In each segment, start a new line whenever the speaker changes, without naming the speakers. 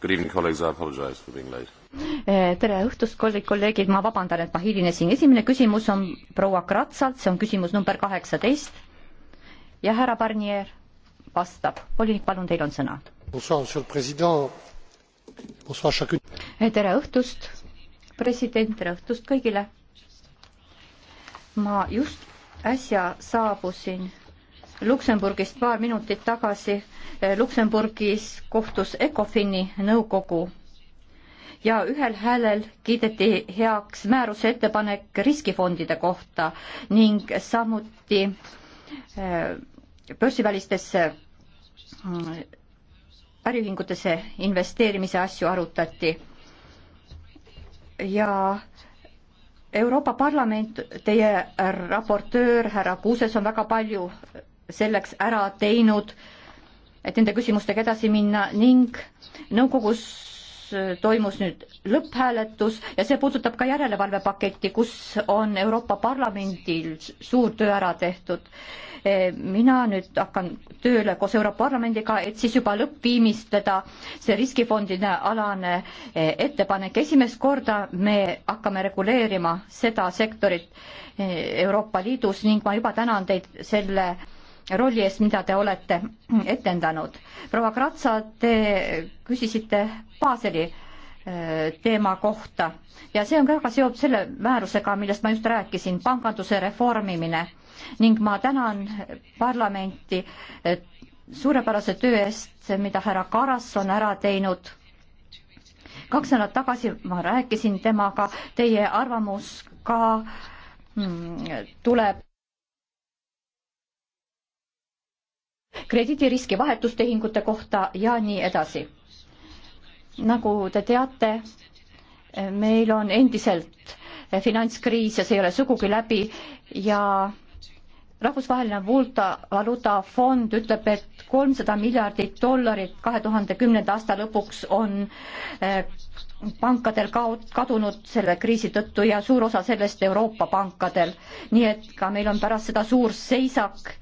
Good evening, colleagues. I apologize for being late.
Eh, tere õhtust, kolleegid, kolleegid, ma vabandan, et ma hilinesin. esimene küsimus on proua Kratsalt, see on küsimus number kaheksateist. ja härra Barnier vastab. volinik, palun, teil on sõna. Eh, tere õhtust, president, tere õhtust kõigile. ma just äsja saabusin Luksemburgist paar minutit tagasi. Eh, Luksemburgis kohtus ECOFIN-i nõukogu ja ühel häälel kiideti heaks määruse ettepanek riskifondide kohta ning samuti eh, börsivälistesse mm, äriühingutesse investeerimise asju arutati. ja Euroopa Parlament, teie raportöör härra Kuuses on väga palju selleks ära teinud, et nende küsimustega edasi minna ning nõukogus toimus nüüd lõpphääletus ja see puudutab ka järelevalvepaketti, kus on Euroopa Parlamendil suur töö ära tehtud. mina nüüd hakkan tööle koos Euroopa Parlamendiga, et siis juba lõppviimistleda see riskifondide alane eh, ettepanek. esimest korda me hakkame reguleerima seda sektorit eh, Euroopa Liidus ning ma juba tänan teid selle rolli eest, mida te olete etendanud. proua Kratsa, te küsisite Baseli äh, teema kohta ja see on ka väga seotud selle määrusega, millest ma just rääkisin, panganduse reformimine ning ma tänan parlamenti äh, suurepärase töö eest, mida härra Karas on ära teinud. kaks nädalat tagasi ma rääkisin temaga, teie arvamus ka mm, tuleb krediidiriski vahetustehingute kohta ja nii edasi. nagu te teate, meil on endiselt finantskriis ja see ei ole sugugi läbi ja rahvusvaheline valuuta, valuutafond ütleb, et kolmsada miljardit dollarit kahe tuhande kümnenda aasta lõpuks on eh, pankadel kaot-, kadunud selle kriisi tõttu ja suur osa sellest Euroopa pankadel. nii et ka meil on pärast seda suur seisak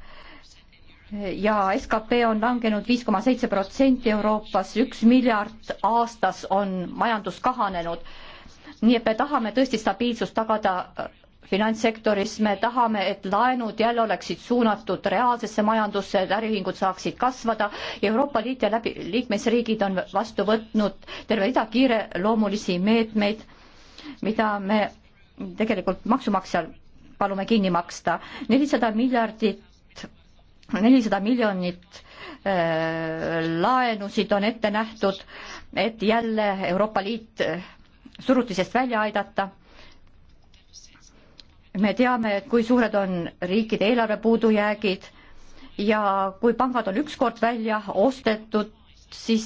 ja skp on langenud viis koma seitse protsenti Euroopas, üks miljard aastas on majandus kahanenud. nii et me tahame tõesti stabiilsust tagada äh, finantssektoris, me tahame, et laenud jälle oleksid suunatud reaalsesse majandusse, et äriühingud saaksid kasvada ja Euroopa Liit ja läbi liikmesriigid on vastu võtnud terve rida kiireloomulisi meetmeid, mida me tegelikult maksumaksjal palume kinni maksta. nelisada miljardit nelisada miljonit äh, laenusid on ette nähtud, et jälle Euroopa Liit äh, surutisest välja aidata. me teame, kui suured on riikide eelarve puudujäägid ja kui pangad on ükskord välja ostetud, siis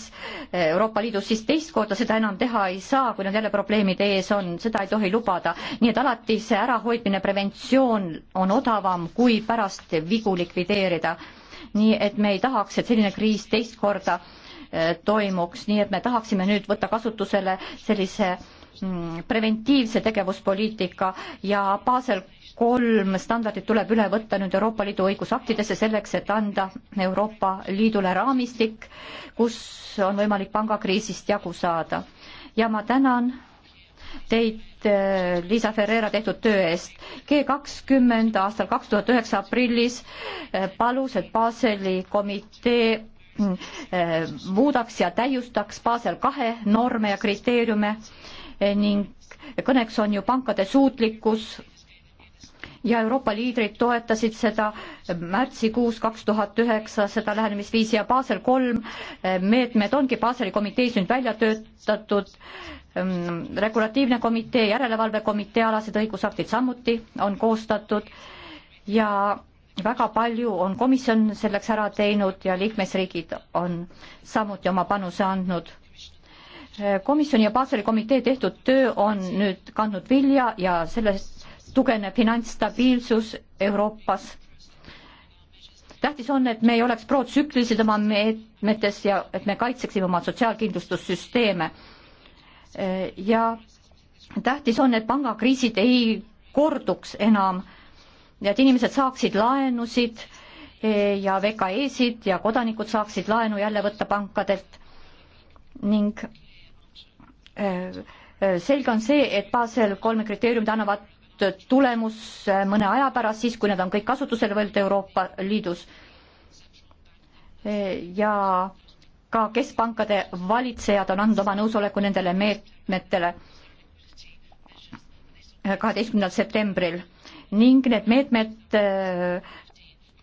eh, Euroopa Liidus siis teist korda seda enam teha ei saa, kui nad jälle probleemide ees on, seda ei tohi lubada. nii et alati see ärahoidmine, preventsioon on odavam, kui pärast vigu likvideerida. nii et me ei tahaks, et selline kriis teist korda eh, toimuks, nii et me tahaksime nüüd võtta kasutusele sellise mm, preventiivse tegevuspoliitika ja Basel kolm standardit tuleb üle võtta nüüd Euroopa Liidu õigusaktidesse selleks, et anda Euroopa Liidule raamistik, kus on võimalik pangakriisist jagu saada. ja ma tänan teid, äh, Liisa Ferreira, tehtud töö eest. G kakskümmend aastal kaks tuhat üheksa aprillis äh, palus, et Baseli komitee äh, muudaks ja täiustaks Basel kahe norme ja kriteeriume ning kõneks on ju pankade suutlikkus ja Euroopa liidrid toetasid seda märtsikuus kaks tuhat üheksa, seda lähenemisviisi ja Basel kolm meetmed ongi Baseli komitees nüüd välja töötatud mm, regulatiivne komitee, järelevalvekomitee alased õigusaktid samuti on koostatud ja väga palju on komisjon selleks ära teinud ja liikmesriigid on samuti oma panuse andnud. komisjoni ja Baseli komitee tehtud töö on nüüd kandnud vilja ja sellest tugevne finantsstabiilsus Euroopas. tähtis on, et me ei oleks protsüklilised oma meetmetes ja et me kaitseksime oma sotsiaalkindlustussüsteeme. ja tähtis on, et pangakriisid ei korduks enam ja et inimesed saaksid laenusid ja VKE-sid ja kodanikud saaksid laenu jälle võtta pankadelt ning äh, äh, selge on see, et Basel kolme kriteeriumid annavad tulemus mõne aja pärast, siis kui need on kõik kasutusele võetud Euroopa Liidus. ja ka keskpankade valitsejad on andnud oma nõusoleku nendele meetmetele kaheteistkümnendal septembril ning need meetmed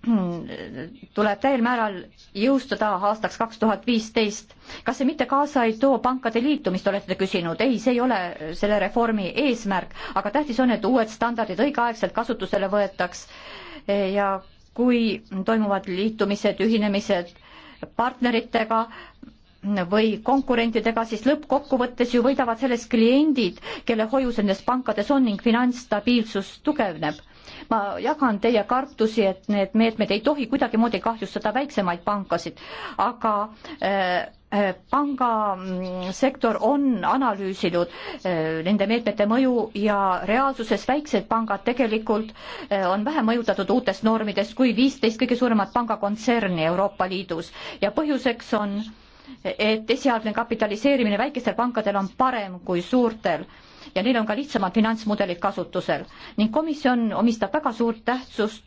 Hmm, tuleb täiel määral jõustada aastaks kaks tuhat viisteist. kas see mitte kaasa ei too pankade liitumist, olete te küsinud? ei, see ei ole selle reformi eesmärk, aga tähtis on, et uued standardid õigeaegselt kasutusele võetaks ja kui toimuvad liitumised, ühinemised partneritega, või konkurentidega, siis lõppkokkuvõttes ju võidavad sellest kliendid, kelle hoius nendes pankades on ning finantsstabiilsus tugevneb ma jagan teie kartusi, et need meetmed ei tohi kuidagimoodi kahjustada väiksemaid pankasid, aga äh, äh pangasektor on analüüsinud äh, nende meetmete mõju ja reaalsuses väiksed pangad tegelikult äh, on vähem mõjutatud uutest normidest kui viisteist kõige suuremat pangakontserni Euroopa Liidus ja põhjuseks on et esialgne kapitaliseerimine väikestel pankadel on parem kui suurtel äh, ja neil on ka lihtsamad finantsmudelid kasutusel ning komisjon omistab väga suurt tähtsust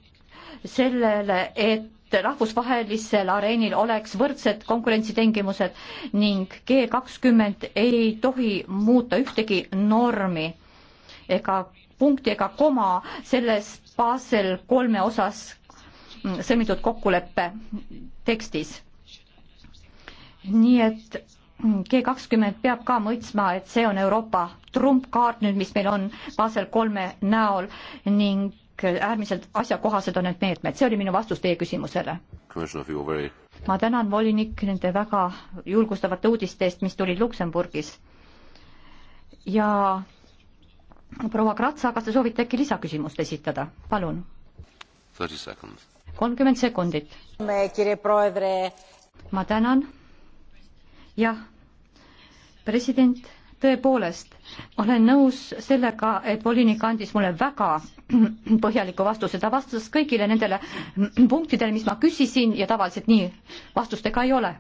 sellele, et rahvusvahelisel areenil oleks võrdsed konkurentsitingimused ning G kakskümmend ei tohi muuta ühtegi normi ega punkti ega koma selles Basel kolme osas sõlmitud kokkuleppe tekstis. nii et G kakskümmend peab ka mõistma, et see on Euroopa trumpkaart nüüd, mis meil on Basel kolme näol ning äärmiselt asjakohased on need meetmed, see oli minu vastus teie küsimusele. ma tänan, volinik, nende väga julgustavate uudiste eest, mis tulid Luksemburgis. ja proua Kratsa, kas te soovite äkki lisaküsimust esitada, palun? kolmkümmend sekundit. ma tänan. jah, president tõepoolest, olen nõus sellega, et volinik andis mulle väga põhjaliku vastuse, ta vastas kõigile nendele punktidele, mis ma küsisin ja tavaliselt nii vastustega ei ole.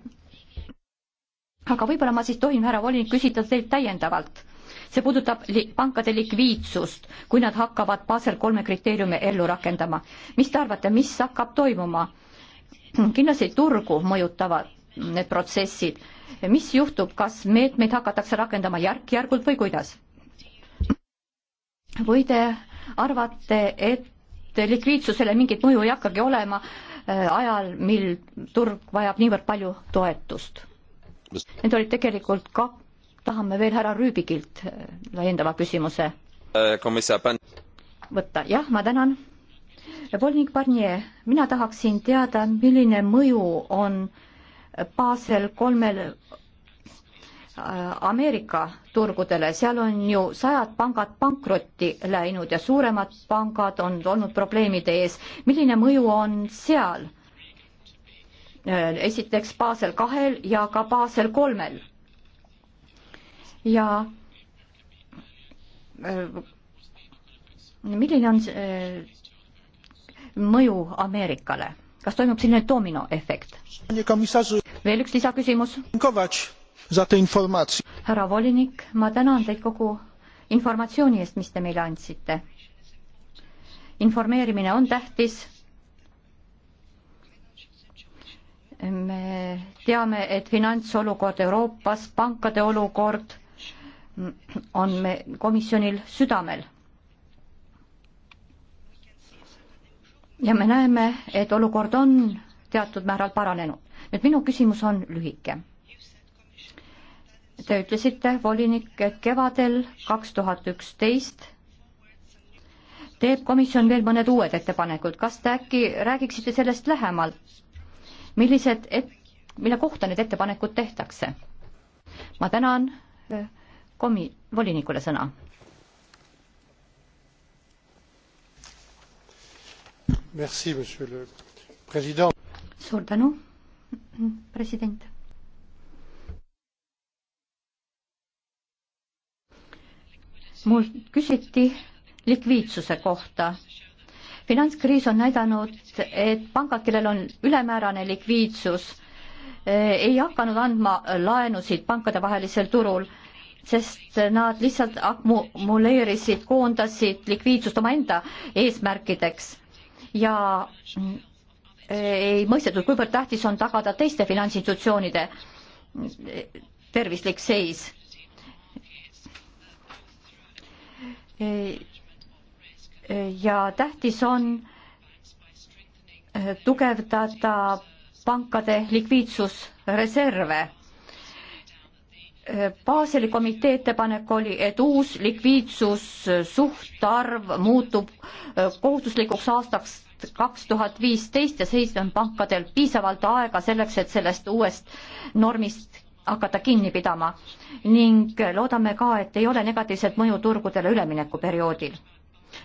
aga võib-olla ma siis tohin, härra volinik, küsida teilt täiendavalt. see puudutab li pankade likviidsust, kui nad hakkavad Basel kolme kriteeriumi ellu rakendama. mis te arvate, mis hakkab toimuma? kindlasti turgu mõjutavad need protsessid mis juhtub, kas meetmeid hakatakse rakendama järk-järgult või kuidas? või te arvate, et likviidsusele mingit mõju ei hakkagi olema äh, ajal, mil turg vajab niivõrd palju toetust? Need olid tegelikult ka, tahame veel härra Rüübikilt äh, laiendava küsimuse võtta, jah, ma tänan. volinik Barnier, mina tahaksin teada, milline mõju on äh, baasel kolmel äh, Ameerika turgudele, seal on ju sajad pangad pankrotti läinud ja suuremad pangad on olnud probleemide ees. milline mõju on seal? Äh, esiteks baasel kahel ja ka baasel kolmel. ja äh, milline on see mõju Ameerikale? kas toimub selline dominoefekt? veel üks lisaküsimus. härra volinik, ma tänan teid kogu informatsiooni eest, mis te meile andsite. informeerimine on tähtis. me teame, et finantsolukord Euroopas, pankade olukord on me komisjonil südamel ja me näeme, et olukord on teatud määral paranenud. nüüd minu küsimus on lühike. Te ütlesite, volinik, et kevadel kaks tuhat üksteist teeb komisjon veel mõned uued ettepanekud, kas te äkki räägiksite sellest lähemalt? millised et-, mille kohta need ettepanekud tehtakse? ma tänan eh, komi-, volinikule sõna
monsieur le président.
suur tänu, president. mul küsiti likviidsuse kohta. finantskriis on näidanud, et pangad, kellel on ülemäärane likviidsus, eh, ei hakanud andma laenusid pankadevahelisel turul, sest nad lihtsalt akumuleerisid, koondasid likviidsust omaenda eesmärkideks ja ei mõistetud, kuivõrd tähtis on tagada teiste finantsinstitutsioonide tervislik seis. ja tähtis on tugevdada pankade likviidsusreserve Baseli komitee ettepanek oli, et uus likviidsussuhtarv muutub äh, kohustuslikuks aastaks kaks tuhat viisteist ja seisma on pankadel piisavalt aega selleks, et sellest uuest normist hakata kinni pidama ning äh, loodame ka, et ei ole negatiivset mõju turgudele üleminekuperioodil.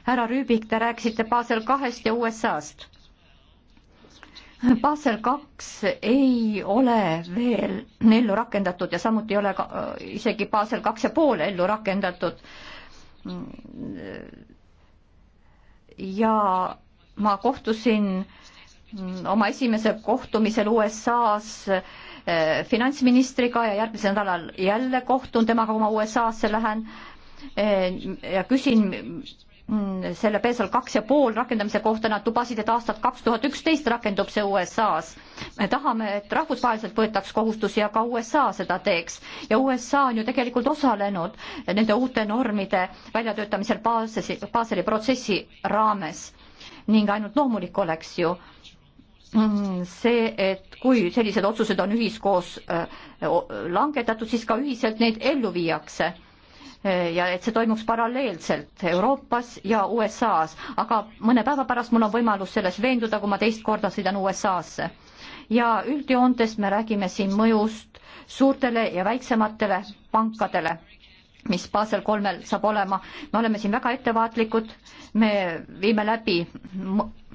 härra Rüübik, te rääkisite Basel kahest ja USA-st Basel kaks ei ole veel ellu rakendatud ja samuti ei ole ka, äh, isegi Basel kaks ja pool ellu rakendatud. ja ma kohtusin mm, oma esimesel kohtumisel USA-s äh, finantsministriga ja järgmisel nädalal jälle kohtun temaga, kui ma USA-sse lähen äh, ja küsin, Mm, selle PESAL kaks ja pool rakendamise kohta nad lubasid, et aastat kaks tuhat üksteist rakendub see USA-s. me tahame, et rahvusvaheliselt võetaks kohustusi ja ka USA seda teeks ja USA on ju tegelikult osalenud nende uute normide väljatöötamisel baasesi, baaseli protsessi raames ning ainult loomulik oleks ju mm, see, et kui sellised otsused on ühiskoos äh, langetatud, siis ka ühiselt neid ellu viiakse ja et see toimuks paralleelselt Euroopas ja USA-s, aga mõne päeva pärast mul on võimalus selles veenduda, kui ma teist korda sõidan USA-sse. ja üldjoontes me räägime siin mõjust suurtele ja väiksematele pankadele, mis Basel kolmel saab olema. me oleme siin väga ettevaatlikud, me viime läbi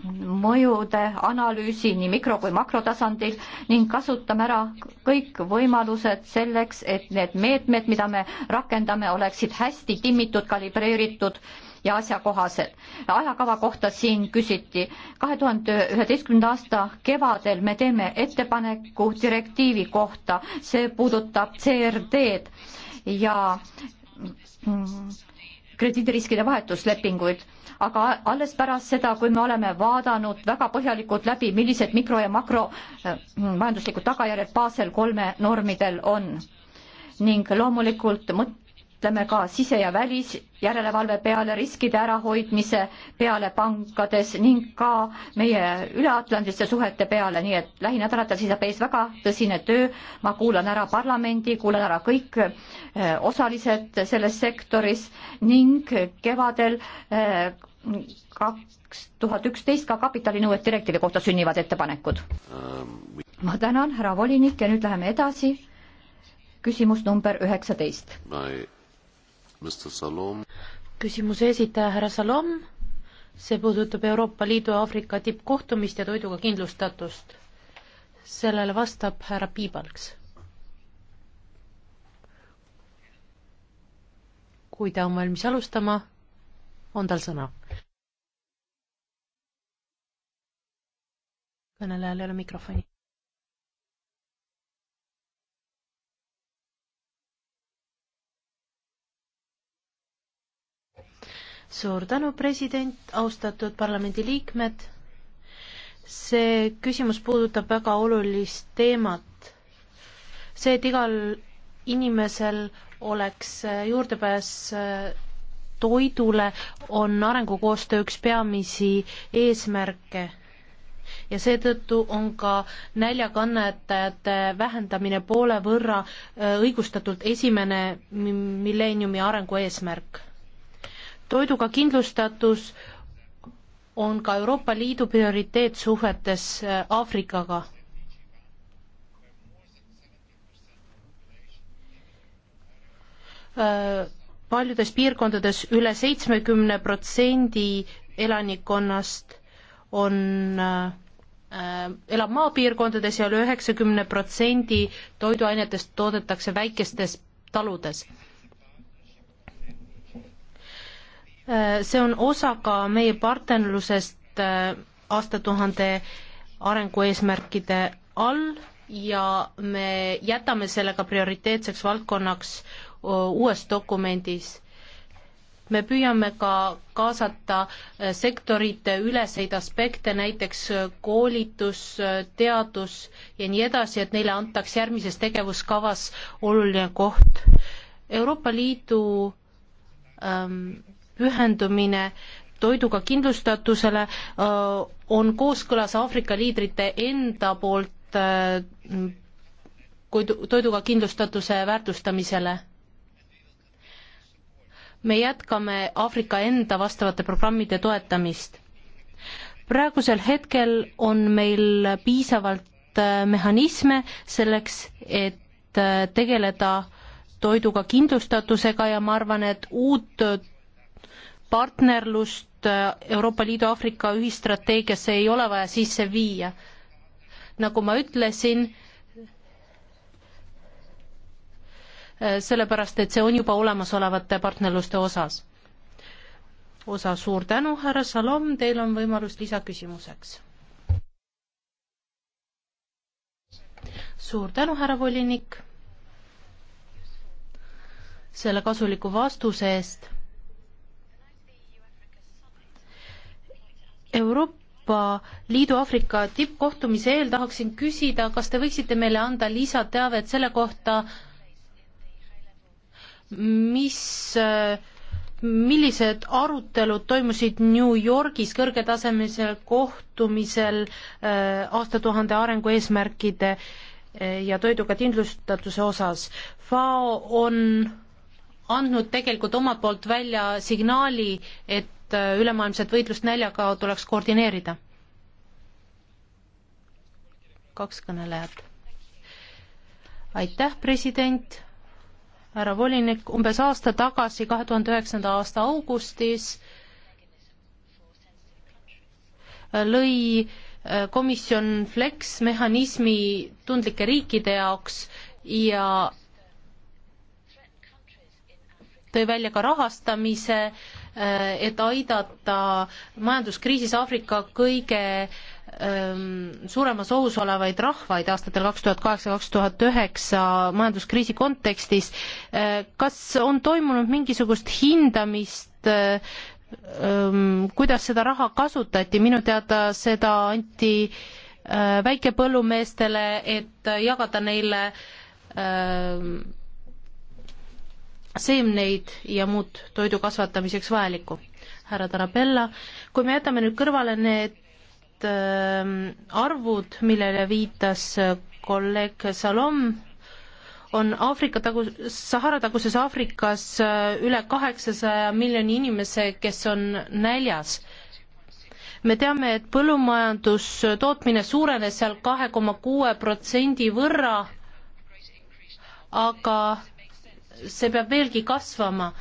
mõjude analüüsi nii mikro- kui makrotasandil ning kasutame ära kõik võimalused selleks, et need meetmed, mida me rakendame, oleksid hästi timmitud, kalibreeritud ja asjakohased. ajakava kohta siin küsiti. kahe tuhande üheteistkümnenda aasta kevadel me teeme ettepaneku direktiivi kohta, see puudutab CRD-d ja mm, krediidiriskide vahetuslepinguid, aga alles pärast seda, kui me oleme vaadanud väga põhjalikult läbi, millised mikro- ja makromajanduslikud äh, tagajärjed Basel kolme normidel on ning loomulikult mõt-, mõtleme ka sise- ja välisjärelevalve peale, riskide ärahoidmise peale pankades ning ka meie üleatlandiste suhete peale, nii et lähinädalatel seisab ees väga tõsine töö. ma kuulan ära parlamendi, kuulan ära kõik eh, osalised selles sektoris ning kevadel eh, kaks tuhat üksteist ka kapitalinõuet direktiivi kohta sünnivad ettepanekud. ma tänan, härra volinik ja nüüd läheme edasi küsimus number
üheksateist
küsimuse
esitaja härra Salom, see puudutab Euroopa Liidu ja Aafrika tippkohtumist ja toiduga kindlustatust. sellele vastab härra Piibalks. kui ta on valmis alustama, on tal sõna. kõnelejal ei ole mikrofoni suur tänu, president, austatud parlamendiliikmed. see küsimus puudutab väga olulist teemat. see, et igal inimesel oleks äh, juurdepääs äh, toidule, on arengukoostöö üks peamisi eesmärke ja seetõttu on ka näljakannatajate vähendamine poole võrra äh, õigustatult esimene milleeniumi arengu eesmärk toiduga kindlustatus on ka Euroopa Liidu prioriteet suhetes äh, Aafrikaga. Äh, paljudes piirkondades üle seitsmekümne protsendi elanikkonnast on äh, äh,, elab maapiirkondades ja üle üheksakümne protsendi toiduainetest toodetakse väikestes taludes Äh, see on osa ka meie partnerlusest äh, aastatuhande arengueesmärkide all ja me jätame selle ka prioriteetseks valdkonnaks äh, uues dokumendis. me püüame ka kaasata sektorite üleseid aspekte, näiteks koolitus, teadus ja nii edasi, et neile antaks järgmises tegevuskavas oluline koht. Euroopa Liidu ähm, ühendumine toiduga kindlustatusele on kooskõlas Aafrika liidrite enda poolt toiduga kindlustatuse väärtustamisele. me jätkame Aafrika enda vastavate programmide toetamist. praegusel hetkel on meil piisavalt mehhanisme selleks, et tegeleda toiduga kindlustatusega ja ma arvan, et uut partnerlust äh, Euroopa Liidu Aafrika ühistrateegiasse ei ole vaja sisse viia. nagu ma ütlesin, äh, sellepärast et see on juba olemasolevate partnerluste osas. osa suur tänu, härra Salom, teil on võimalus lisaküsimuseks. suur tänu, härra volinik, selle kasuliku vastuse eest Euroopa Liidu Aafrika tippkohtumise eel tahaksin küsida, kas te võiksite meile anda lisateavet selle kohta, mis, millised arutelud toimusid New Yorgis kõrgetasemelisel kohtumisel äh, aastatuhande arengu eesmärkide äh, ja toiduga kindlustatuse osas. FAO on andnud tegelikult omalt poolt välja signaali, et et äh, ülemaailmset võitlust näljaga tuleks koordineerida. kaks kõnelejat. aitäh, president, härra volinik, umbes aasta tagasi, kahe tuhande üheksanda aasta augustis äh, lõi äh, komisjon Flex mehhanismi tundlike riikide jaoks ja tõi välja ka rahastamise äh, Äh, et aidata majanduskriisis Aafrika kõige ähm, suuremas ohus olevaid rahvaid aastatel kaks tuhat kaheksa, kaks tuhat üheksa majanduskriisi kontekstis. Äh, kas on toimunud mingisugust hindamist äh, ähm, kuidas seda raha kasutati, minu teada seda anti väikepõllumeestele, et jagada neile äh, seemneid ja muud toidu kasvatamiseks vajalikku. härra Tarabella, kui me jätame nüüd kõrvale need äh, arvud, millele viitas äh, kolleeg Salom, on Aafrika tagu-, Sahara taguses Aafrikas äh, üle kaheksasaja miljoni inimese, kes on näljas. me teame, et põllumajandustootmine suurenes seal kahe koma kuue protsendi võrra, aga see peab veelgi kasvama.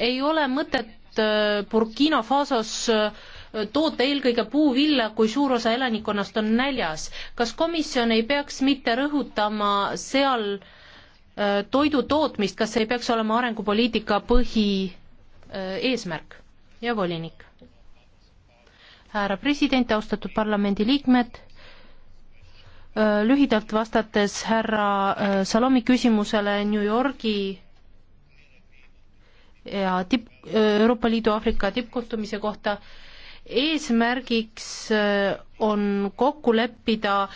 ei ole mõtet äh, Burkina Fasos äh, toota eelkõige puuvilla, kui suur osa elanikkonnast on näljas. kas komisjon ei peaks mitte rõhutama seal äh, toidu tootmist, kas see ei peaks olema arengupoliitika põhieesmärk ja volinik? härra president, austatud parlamendiliikmed Äh, lühidalt vastates härra äh, Salomi küsimusele New Yorgi ja tipp, äh, Euroopa Liidu Aafrika tippkohtumise kohta, eesmärgiks on kokku leppida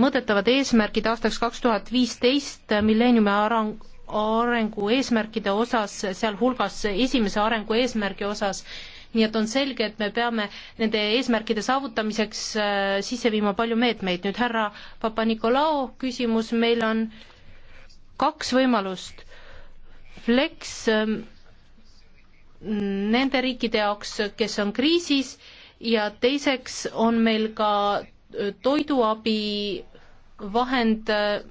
mõõdetavad eesmärgid aastaks kaks tuhat viisteist milleeniumi areng, arengu eesmärkide osas, sealhulgas esimese arengu eesmärgi osas nii et on selge, et me peame nende eesmärkide saavutamiseks äh, sisse viima palju meetmeid. nüüd härra Papa-Nikolao küsimus, meil on kaks võimalust. Flex ähm, nende riikide jaoks, kes on kriisis ja teiseks on meil ka äh, toiduabi vahend äh,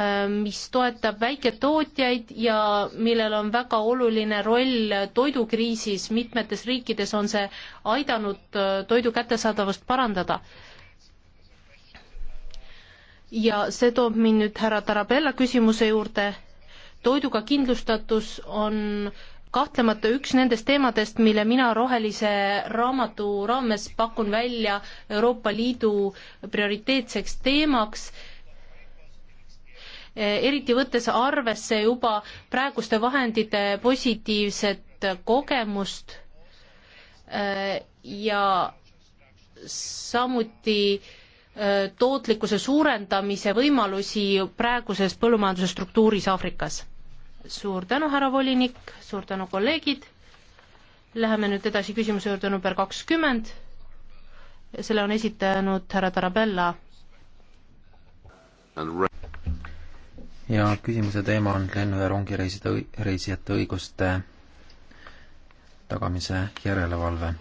Ähm, mis toetab väiketootjaid ja millel on väga oluline roll toidukriisis, mitmetes riikides on see aidanud äh, toidu kättesaadavust parandada. ja see toob mind nüüd härra Tarabella küsimuse juurde, toiduga kindlustatus on kahtlemata üks nendest teemadest, mille mina rohelise raamatu raames pakun välja Euroopa Liidu prioriteetseks teemaks Eh, eriti võttes arvesse juba praeguste vahendite positiivset kogemust eh, ja samuti eh, tootlikkuse suurendamise võimalusi praeguses põllumajanduse struktuuris Aafrikas. suur tänu, härra volinik, suur tänu, kolleegid. Läheme nüüd edasi küsimuse juurde number kakskümmend. selle on esitanud härra Tarabella
ja küsimuse teema on lennu- ja rongireiside, reisijate õiguste tagamise järelevalve.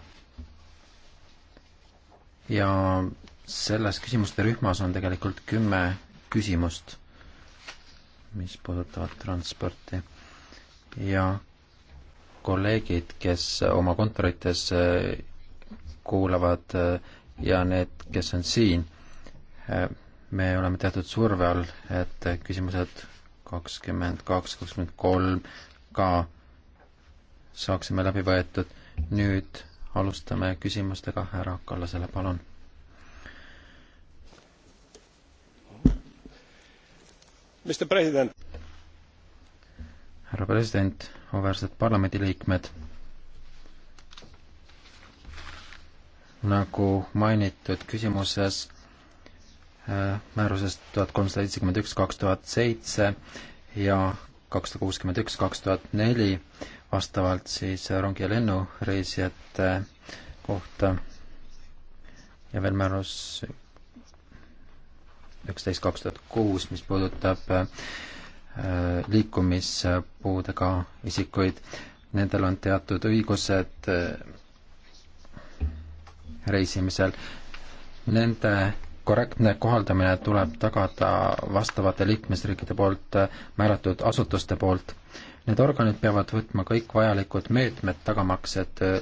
ja selles küsimuste rühmas on tegelikult kümme küsimust, mis puudutavad transporti ja kolleegid, kes oma kontorites äh, kuulavad äh, ja need, kes on siin, äh, me oleme teatud surve all, et küsimused kakskümmend kaks, kakskümmend kolm ka saaksime läbi võetud. nüüd alustame küsimustega härra Kallasele, palun.
Mr President.
härra president, auväärsed parlamendiliikmed. nagu mainitud küsimuses Äh, määrusest tuhat kolmsada seitsekümmend üks kaks tuhat seitse ja kakssada kuuskümmend üks kaks tuhat neli vastavalt siis rongi- ja lennureisijate kohta ja veel määrus üksteist kaks tuhat kuus, mis puudutab äh, liikumispuudega isikuid, nendel on teatud õigused äh, reisimisel. Nende korrektne kohaldamine tuleb tagada vastavate liikmesriikide poolt äh, määratud asutuste poolt. Need organid peavad võtma kõik vajalikud meetmed, tagamaks, et äh,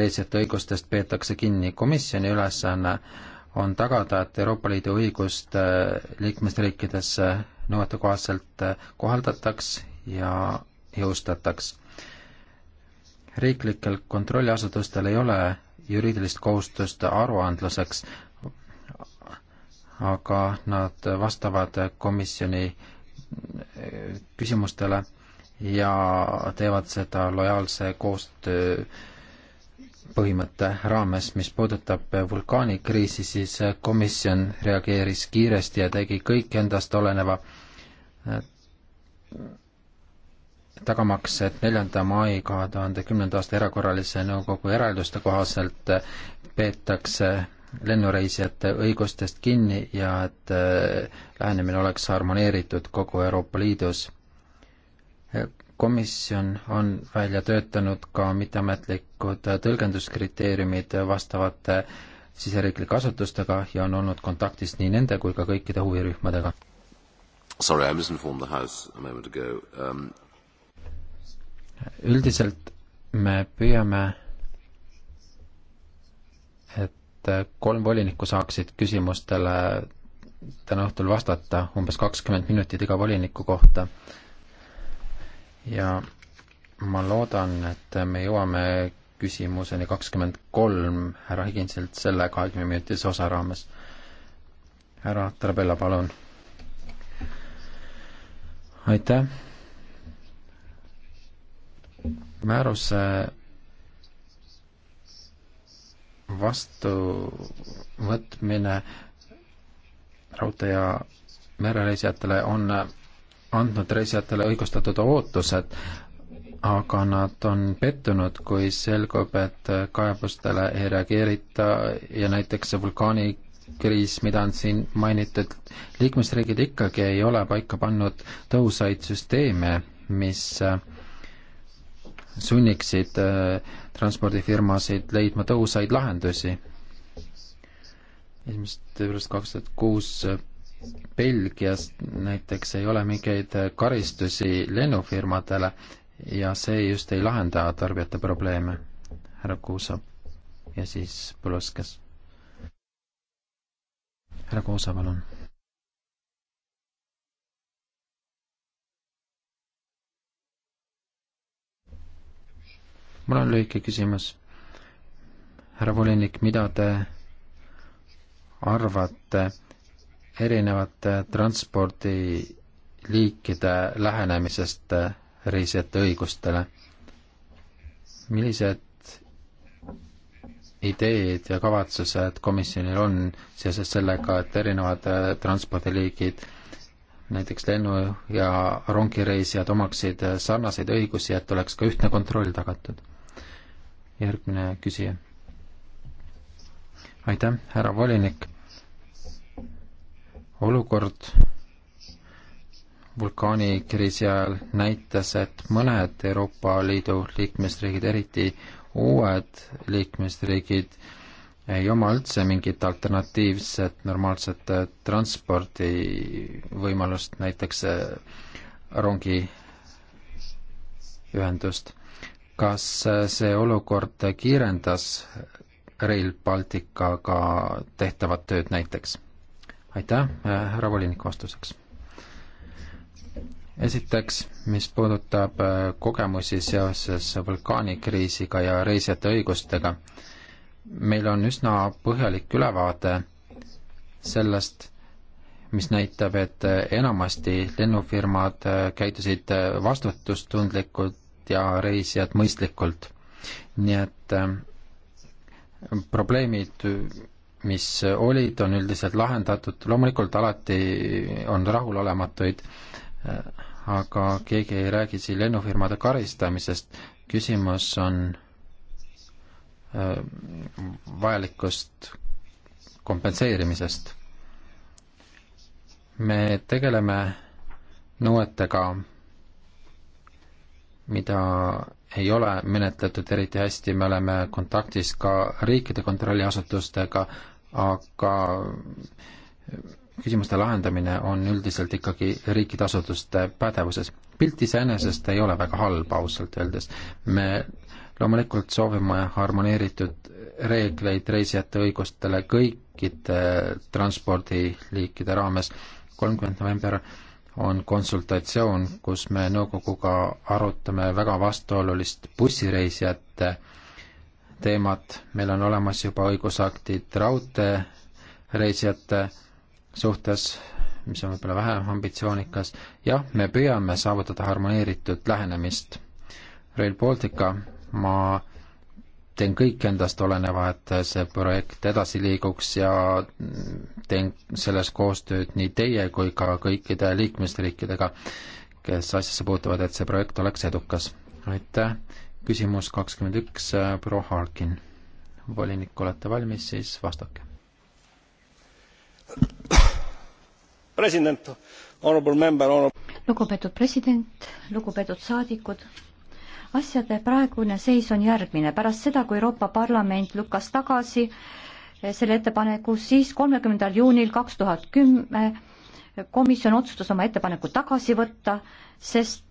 reisijate õigustest peetakse kinni. komisjoni ülesanne on tagada, et Euroopa Liidu õigust äh, liikmesriikides nõuetekohaselt kohaldataks ja jõustataks. riiklikel kontrolliasutustel ei ole juriidilist kohustust aruandluseks, aga nad vastavad komisjoni küsimustele ja teevad seda lojaalse koostöö põhimõtte raames, mis puudutab vulkaanikriisi, siis komisjon reageeris kiiresti ja tegi kõik endast oleneva, tagamaks, et neljanda mai kahe tuhande kümnenda aasta erakorralise nõukogu järelduste kohaselt peetakse lennureisijate õigustest kinni ja et äh, lähenemine oleks harmoneeritud kogu Euroopa Liidus. komisjon on välja töötanud ka mitteametlikud tõlgenduskriteeriumid vastavate siseriiklike asutustega ja on olnud kontaktis nii nende kui ka kõikide huvirühmadega.
Sorry, I misinformed the house a moment ago um.... üldiselt me
püüame et kolm volinikku saaksid küsimustele täna õhtul vastata, umbes kakskümmend minutit iga voliniku kohta. ja ma loodan, et me jõuame küsimuseni kakskümmend kolm härra Higinsilt selle kahekümne minutise osa raames. härra Trabella, palun. aitäh. määruse vastuvõtmine raudtee ja merereisijatele on andnud reisijatele õigustatud ootused, aga nad on pettunud, kui selgub, et kaebustele ei reageerita ja näiteks see vulkaanikriis, mida on siin mainitud, liikmesriigid ikkagi ei ole paika pannud tõhusaid süsteeme, mis äh, sunniksid äh, transpordifirmasid leidma tõhusaid lahendusi. esimesest veebruarist kaks tuhat kuus äh, Belgias näiteks ei ole mingeid äh, karistusi lennufirmadele ja see just ei lahenda tarbijate probleeme, härra Kuusa. ja siis Põluskas. härra Kuusa, palun mul on lühike küsimus. härra volinik, mida te arvate erinevate transpordiliikide lähenemisest reisijate õigustele? millised ideed ja kavatsused komisjonil on seoses sellega, et erinevad transpordiliigid, näiteks lennu- ja rongireisijad omaksid sarnaseid õigusi, et oleks ka ühtne kontroll tagatud? järgmine küsija. aitäh, härra volinik. olukord vulkaanikriisi ajal näitas, et mõned Euroopa Liidu liikmesriigid, eriti uued liikmesriigid, ei oma üldse mingit alternatiivset normaalset transpordivõimalust, näiteks rongiühendust kas see olukord kiirendas Rail Balticaga tehtavat tööd näiteks? aitäh, härra volinik vastuseks. esiteks, mis puudutab äh, kogemusi seoses vulkaanikriisiga ja reisijate õigustega, meil on üsna põhjalik ülevaade sellest, mis näitab, et äh, enamasti lennufirmad äh, käitusid vastutustundlikult ja reisijad mõistlikult. nii et ähm, probleemid, mis olid, on üldiselt lahendatud, loomulikult alati on rahulolematuid, äh, aga keegi ei räägi siin lennufirmade karistamisest, küsimus on äh, vajalikust kompenseerimisest. me tegeleme nõuetega mida ei ole menetletud eriti hästi, me oleme kontaktis ka riikide kontrolliasutustega, aga küsimuste lahendamine on üldiselt ikkagi riikide asutuste pädevuses. pilt iseenesest ei ole väga halb, ausalt öeldes. me loomulikult soovime harmoneeritud reegleid reisijate õigustele kõikide transpordiliikide raames, kolmkümmend november on konsultatsioon, kus me nõukoguga arutame väga vastuolulist bussireisijate teemat, meil on olemas juba õigusaktid raudteereisijate suhtes, mis on võib-olla vähem ambitsioonikas, jah, me püüame saavutada harmoneeritud lähenemist. Rail Baltica, ma teen kõik endast oleneva, et see projekt edasi liiguks ja teen selles koostööd nii teie kui ka kõikide liikmesriikidega, kes asjasse puutuvad, et see projekt oleks edukas. aitäh, küsimus kakskümmend üks, äh, proua Harkin. volinik, olete valmis, siis vastake.
president, honorable member, honorable
lugupeetud president, lugupeetud saadikud asjade praegune seis on järgmine. pärast seda, kui Euroopa Parlament lükkas tagasi eh, selle ettepaneku, siis kolmekümnendal juunil kaks tuhat kümme komisjon otsustas oma ettepaneku tagasi võtta, sest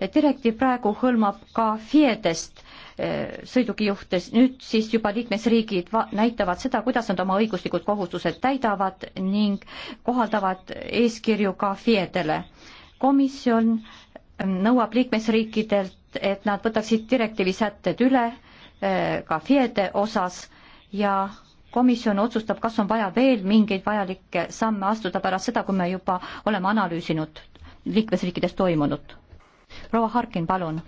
eh, direktiiv praegu hõlmab ka FIE-dest eh, sõidukijuhtes, nüüd siis juba liikmesriigid näitavad seda, kuidas nad oma õiguslikud kohustused täidavad ning kohaldavad eeskirju ka FIE-dele. komisjon nõuab liikmesriikidelt et nad võtaksid direktiivi sätted üle eh, ka FIE-de osas ja komisjon otsustab, kas on vaja veel mingeid vajalikke samme astuda pärast seda, kui me juba oleme analüüsinud liikmesriikides toimunut. proua Harkin, palun.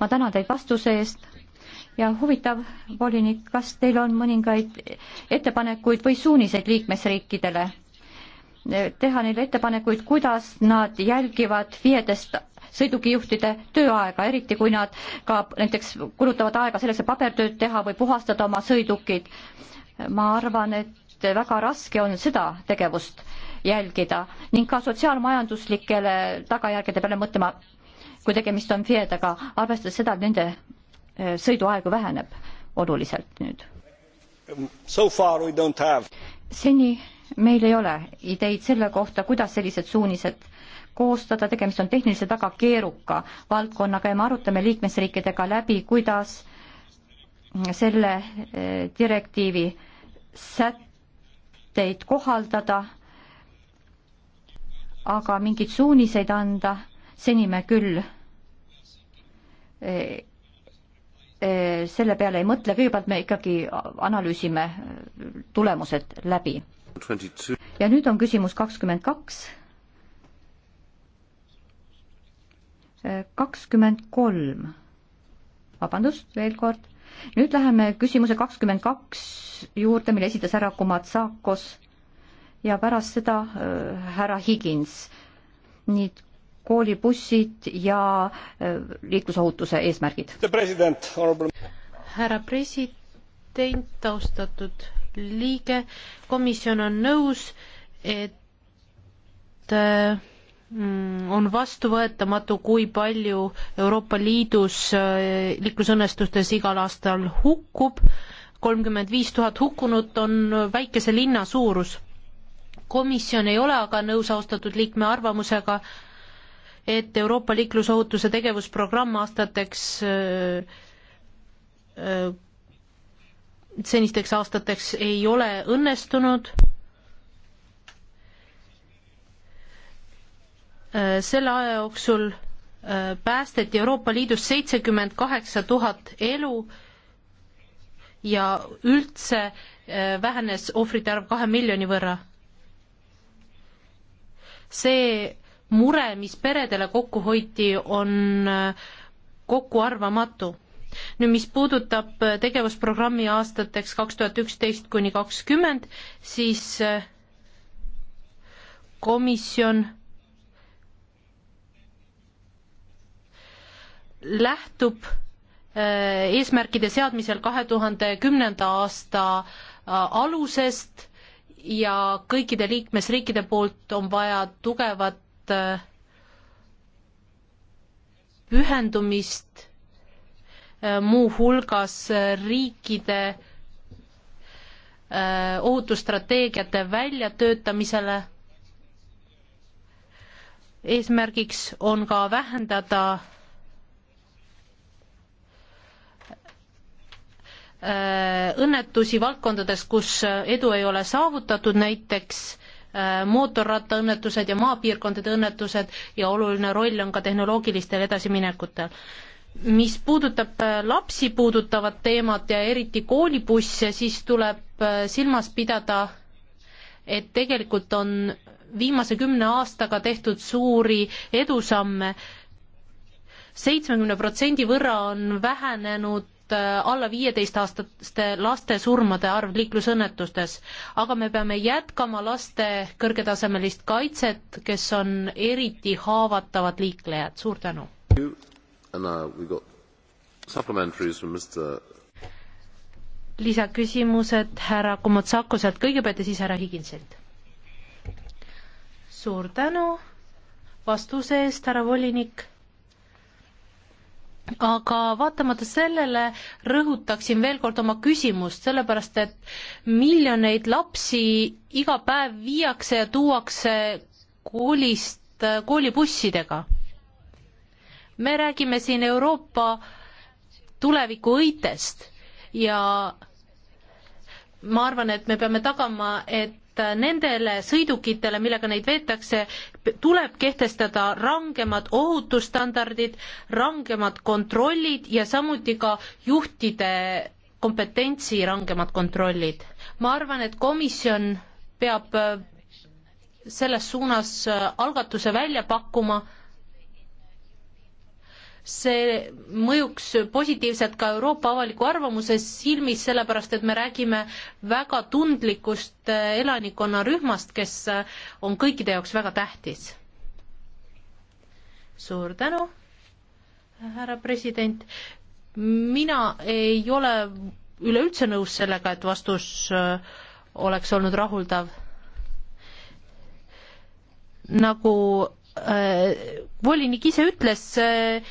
ma tänan teid vastuse eest ja huvitav, volinik, kas teil on mõningaid ettepanekuid või suuniseid liikmesriikidele? teha neile ettepanekuid, kuidas nad jälgivad FIE-dest sõidukijuhtide tööaega, eriti kui nad ka näiteks kulutavad aega selleks, et pabertööd teha või puhastada oma sõidukid. ma arvan, et väga raske on seda tegevust jälgida ning ka sotsiaalmajanduslikele tagajärgede peale mõtlema, kui tegemist on FIE-dega, arvestades seda, et nende eh, sõiduaegu väheneb oluliselt nüüd. seni meil ei ole ideid selle kohta, kuidas sellised suunised koostada, tegemist on tehniliselt väga keeruka valdkonnaga ja me arutame liikmesriikidega läbi, kuidas selle eh, direktiivi sätteid kohaldada, aga mingeid suuniseid anda seni me küll eh, eh, selle peale ei mõtle, kõigepealt me ikkagi analüüsime tulemused läbi. ja nüüd on küsimus kakskümmend kaks kakskümmend kolm. vabandust, veel kord. nüüd läheme küsimuse kakskümmend kaks juurde, mille esitas härra Komatsakos ja pärast seda äh, härra Higins. nii koolibussid ja äh, liiklusohutuse eesmärgid.
härra president, austatud liige, komisjon on nõus, et äh, Mm, on vastuvõetamatu, kui palju Euroopa Liidus äh, liiklusõnnestustes igal aastal hukkub, kolmkümmend viis tuhat hukkunut on väikese linna suurus. komisjon ei ole aga nõus austatud liikme arvamusega, et Euroopa liiklusohutuse tegevusprogramm aastateks äh, äh, senisteks aastateks ei ole õnnestunud Äh, selle aja jooksul äh, päästeti Euroopa Liidus seitsekümmend kaheksa tuhat elu ja üldse äh, vähenes ohvrite arv kahe miljoni võrra. see mure, mis peredele kokku hoiti, on kokkuarvamatu. nüüd, mis puudutab tegevusprogrammi aastateks kaks tuhat üksteist kuni kakskümmend, siis komisjon lähtub äh, eesmärkide seadmisel kahe tuhande kümnenda aasta äh, alusest ja kõikide liikmesriikide poolt on vaja tugevat äh, pühendumist muuhulgas riikide ohutusstrateegiate väljatöötamisele. eesmärgiks on ka vähendada Äh, õnnetusi valdkondades, kus äh, edu ei ole saavutatud, näiteks äh, mootorrattaõnnetused ja maapiirkondade õnnetused ja oluline roll on ka tehnoloogilistel edasiminekutel. mis puudutab lapsi puudutavat teemat ja eriti koolibusse, siis tuleb silmas pidada, et tegelikult on viimase kümne aastaga tehtud suuri edusamme, seitsmekümne protsendi võrra on vähenenud Äh, alla viieteistaastaste laste surmade arv liiklusõnnetustes, aga me peame jätkama laste kõrgetasemelist kaitset, kes on eriti haavatavad liiklejad, suur tänu.
Uh,
lisaküsimused härra Komotsakuselt, kõigepealt ja siis härra Higinsilt. suur tänu vastuse eest, härra volinik aga vaatamata sellele rõhutaksin veel kord oma küsimust, sellepärast et miljoneid lapsi iga päev viiakse ja tuuakse koolist koolibussidega. me räägime siin Euroopa tuleviku õitest ja ma arvan, et me peame tagama, et nendele sõidukitele, millega neid veetakse, tuleb kehtestada rangemad ohutusstandardid, rangemad kontrollid ja samuti ka juhtide kompetentsi rangemad kontrollid. ma arvan, et komisjon peab selles suunas algatuse välja pakkuma see mõjuks positiivselt ka Euroopa avaliku arvamuse silmis, sellepärast et me räägime väga tundlikust äh, elanikkonnarühmast, kes äh, on kõikide jaoks väga tähtis. suur tänu, härra president. mina ei ole üleüldse nõus sellega, et vastus äh, oleks olnud rahuldav. nagu äh, volinik ise ütles äh,,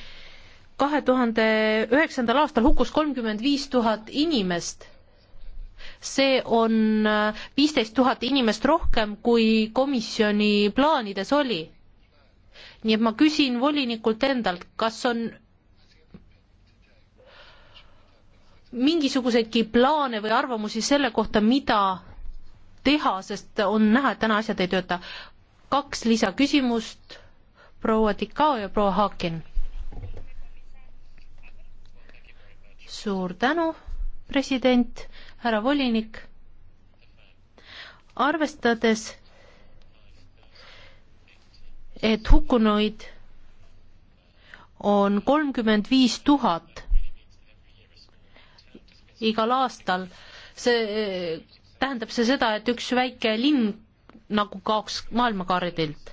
kahe tuhande üheksandal aastal hukkus kolmkümmend viis tuhat inimest. see on äh, viisteist tuhat inimest rohkem, kui komisjoni plaanides oli. nii et ma küsin volinikult endalt, kas on mingisuguseidki plaane või arvamusi selle kohta, mida teha, sest on näha, et täna asjad ei tööta. kaks lisaküsimust, proua Tikao ja proua Haakin suur tänu, president, härra volinik. arvestades, et hukkunuid on kolmkümmend viis tuhat igal aastal, see tähendab see seda, et üks väike linn nagu kaoks maailmakaardilt.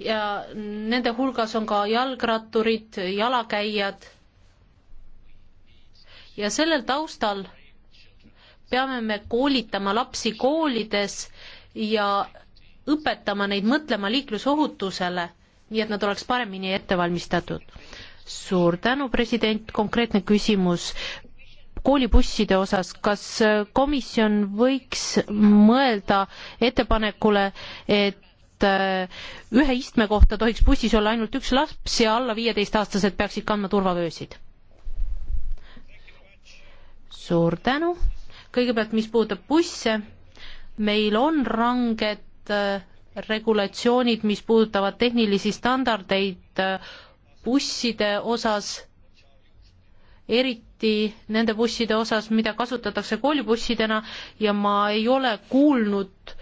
ja nende hulgas on ka jalgratturid, jalakäijad ja sellel taustal peame me koolitama lapsi koolides ja õpetama neid mõtlema liiklusohutusele, nii et nad oleks paremini ette valmistatud. suur tänu, president, konkreetne küsimus koolibusside osas, kas komisjon võiks mõelda ettepanekule, et äh, ühe istme kohta tohiks bussis olla ainult üks laps ja alla viieteist aastased peaksid kandma turvavöösid? suur tänu. kõigepealt, mis puudutab busse, meil on ranged äh, regulatsioonid, mis puudutavad tehnilisi standardeid äh, busside osas, eriti nende busside osas, mida kasutatakse koolibussidena ja ma ei ole kuulnud äh,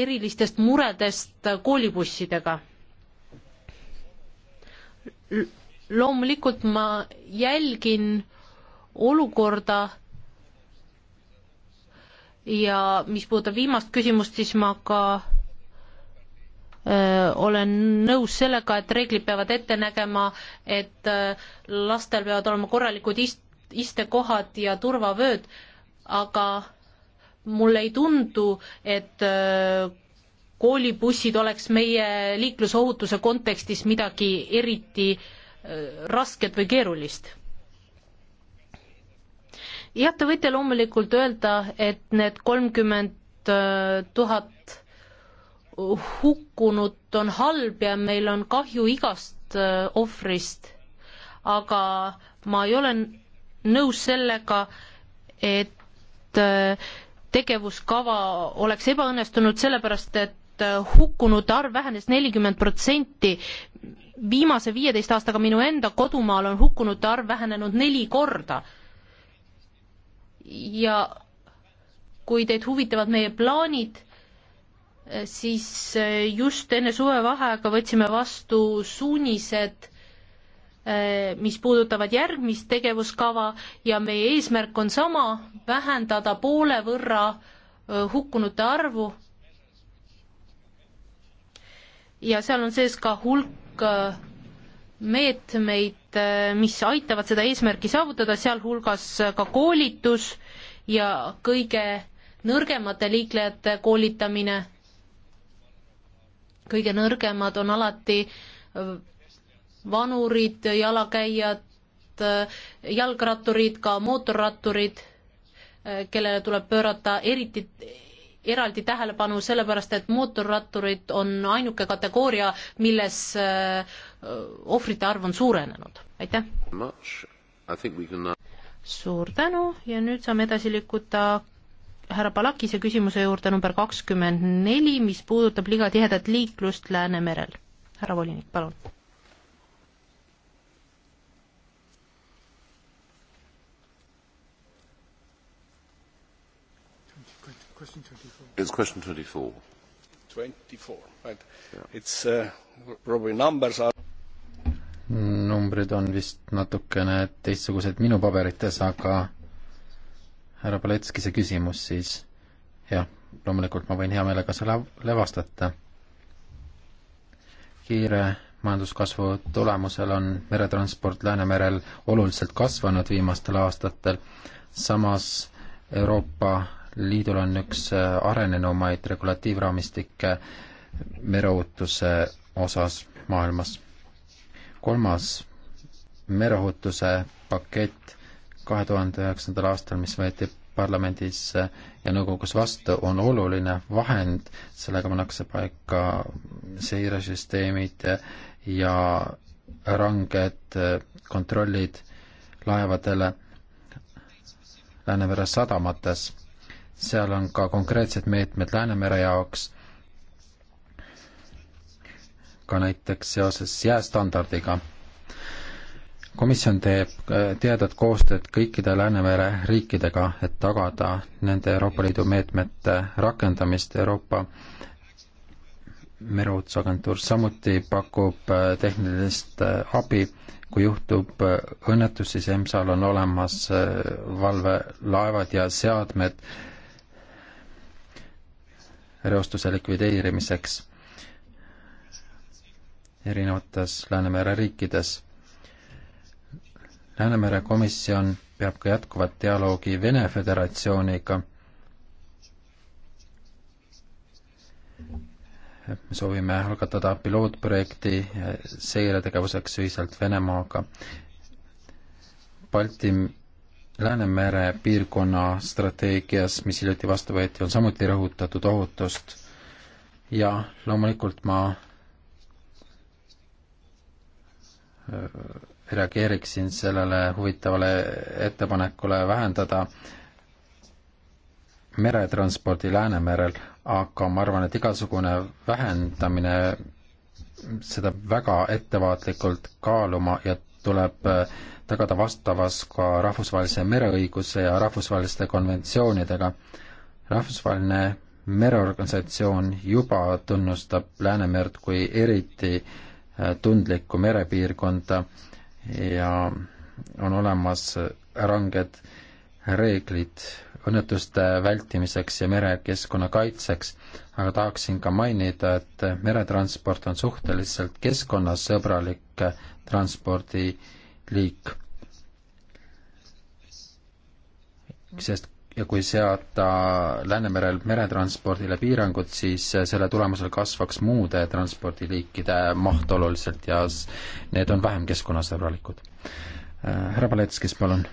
erilistest muredest koolibussidega loomulikult ma jälgin olukorda ja mis puudutab viimast küsimust, siis ma ka öö, äh, olen nõus sellega, et reeglid peavad ette nägema, et öö, äh, lastel peavad olema korralikud ist-, istekohad ja turvavööd, aga mulle ei tundu, et öö, äh, koolibussid oleks meie liiklusohutuse kontekstis midagi eriti öö, rasket või keerulist. jah, te võite loomulikult öelda, et need kolmkümmend äh, tuhat hukkunut on halb ja meil on kahju igast äh, ohvrist, aga ma ei ole nõus sellega, et äh, tegevuskava oleks ebaõnnestunud, sellepärast et hukkunute arv vähenes nelikümmend protsenti, viimase viieteist aastaga minu enda kodumaal on hukkunute arv vähenenud neli korda. ja kui teid huvitavad meie plaanid, siis just enne suvevaheaega võtsime vastu suunised, mis puudutavad järgmist tegevuskava ja meie eesmärk on sama, vähendada poole võrra hukkunute arvu. ja seal on sees ka hulk hulk äh, meetmeid, äh, mis aitavad seda eesmärki saavutada, sealhulgas äh, ka koolitus ja kõige nõrgemate liiklejate koolitamine. kõige nõrgemad on alati vanurid, jalakäijad, jalgratturid, ka mootorratturid, kellele tuleb pöörata eriti eraldi tähelepanu, sellepärast et mootorratturid on ainuke kategooria, milles äh, ohvrite arv on suurenenud, aitäh! suur tänu ja nüüd saame edasi liikuda härra Palakise küsimuse juurde number kakskümmend neli, mis puudutab liiga tihedat liiklust Läänemerel. härra volinik, palun. question to
It's question 24.
24, right. It's uh, probably numbers are
numbrid on vist natukene teistsugused minu paberites, aga härra Paletski, see küsimus siis, jah, loomulikult ma võin hea meelega sellele vastata. kiire majanduskasvu tulemusel on meretransport Läänemerel oluliselt kasvanud viimastel aastatel, samas Euroopa liidul on üks äh, arenenumaid regulatiivraamistikke äh, mereohutuse osas maailmas. kolmas mereohutuse pakett kahe tuhande üheksandal aastal, mis võeti parlamendis äh, ja nõukogus vastu, on oluline vahend, sellega pannakse paika seiresüsteemid ja ranged kontrollid laevadele Läänemere sadamates seal on ka konkreetsed meetmed Läänemere jaoks, ka näiteks seoses jäästandardiga. komisjon teeb äh, tihedat koostööd kõikide Läänemere riikidega, et tagada nende Euroopa Liidu meetmete rakendamist Euroopa mereohutusagentuur samuti pakub äh, tehnilist äh, abi, kui juhtub õnnetus, siis EMSA-l on olemas valvelaevad ja seadmed reostuse likvideerimiseks erinevates Läänemere riikides. Läänemere komisjon peab ka jätkuvat dialoogi Vene Föderatsiooniga. me soovime algatada pilootprojekti seiretegevuseks ühiselt Venemaaga. Balti Läänemere piirkonna strateegias, mis hiljuti vastu võeti, on samuti rõhutatud ohutust ja loomulikult ma äh, reageeriksin sellele huvitavale ettepanekule vähendada meretranspordi Läänemerel, aga ma arvan, et igasugune vähendamine, seda väga ettevaatlikult kaaluma ja tuleb äh, tagada vastavas ka rahvusvahelise mereõiguse ja rahvusvaheliste konventsioonidega. rahvusvaheline mereorganisatsioon juba tunnustab Läänemerd kui eriti äh, tundlikku merepiirkonda ja on olemas ranged reeglid õnnetuste vältimiseks ja merekeskkonna kaitseks, aga tahaksin ka mainida, et meretransport on suhteliselt keskkonnasõbralik transpordi äh, liik. sest ja kui seada Läänemerel meretranspordile piirangud, siis selle tulemusel kasvaks muude transpordiliikide maht oluliselt ja need on vähem keskkonnasõbralikud. Äh, härra Paletskis, palun.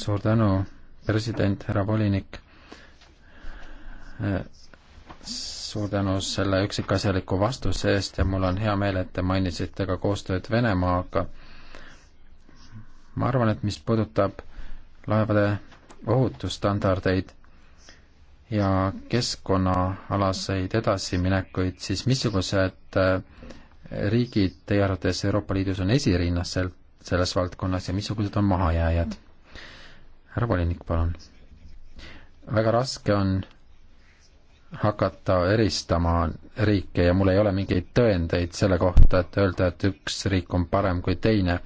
suur tänu, president, härra volinik. Äh, suur tänu selle üksikasjaliku vastuse eest ja mul on hea meel, et te mainisite ka koostööd Venemaaga. ma arvan, et mis puudutab laevade ohutusstandardeid ja keskkonnaalaseid edasiminekuid, siis missugused eh, riigid teie arvates Euroopa Liidus on esirinnas sel, selles valdkonnas ja missugused on mahajääjad? härra volinik, palun. väga raske on hakata eristama riike ja mul ei ole mingeid tõendeid selle kohta, et öelda, et üks riik on parem kui teine.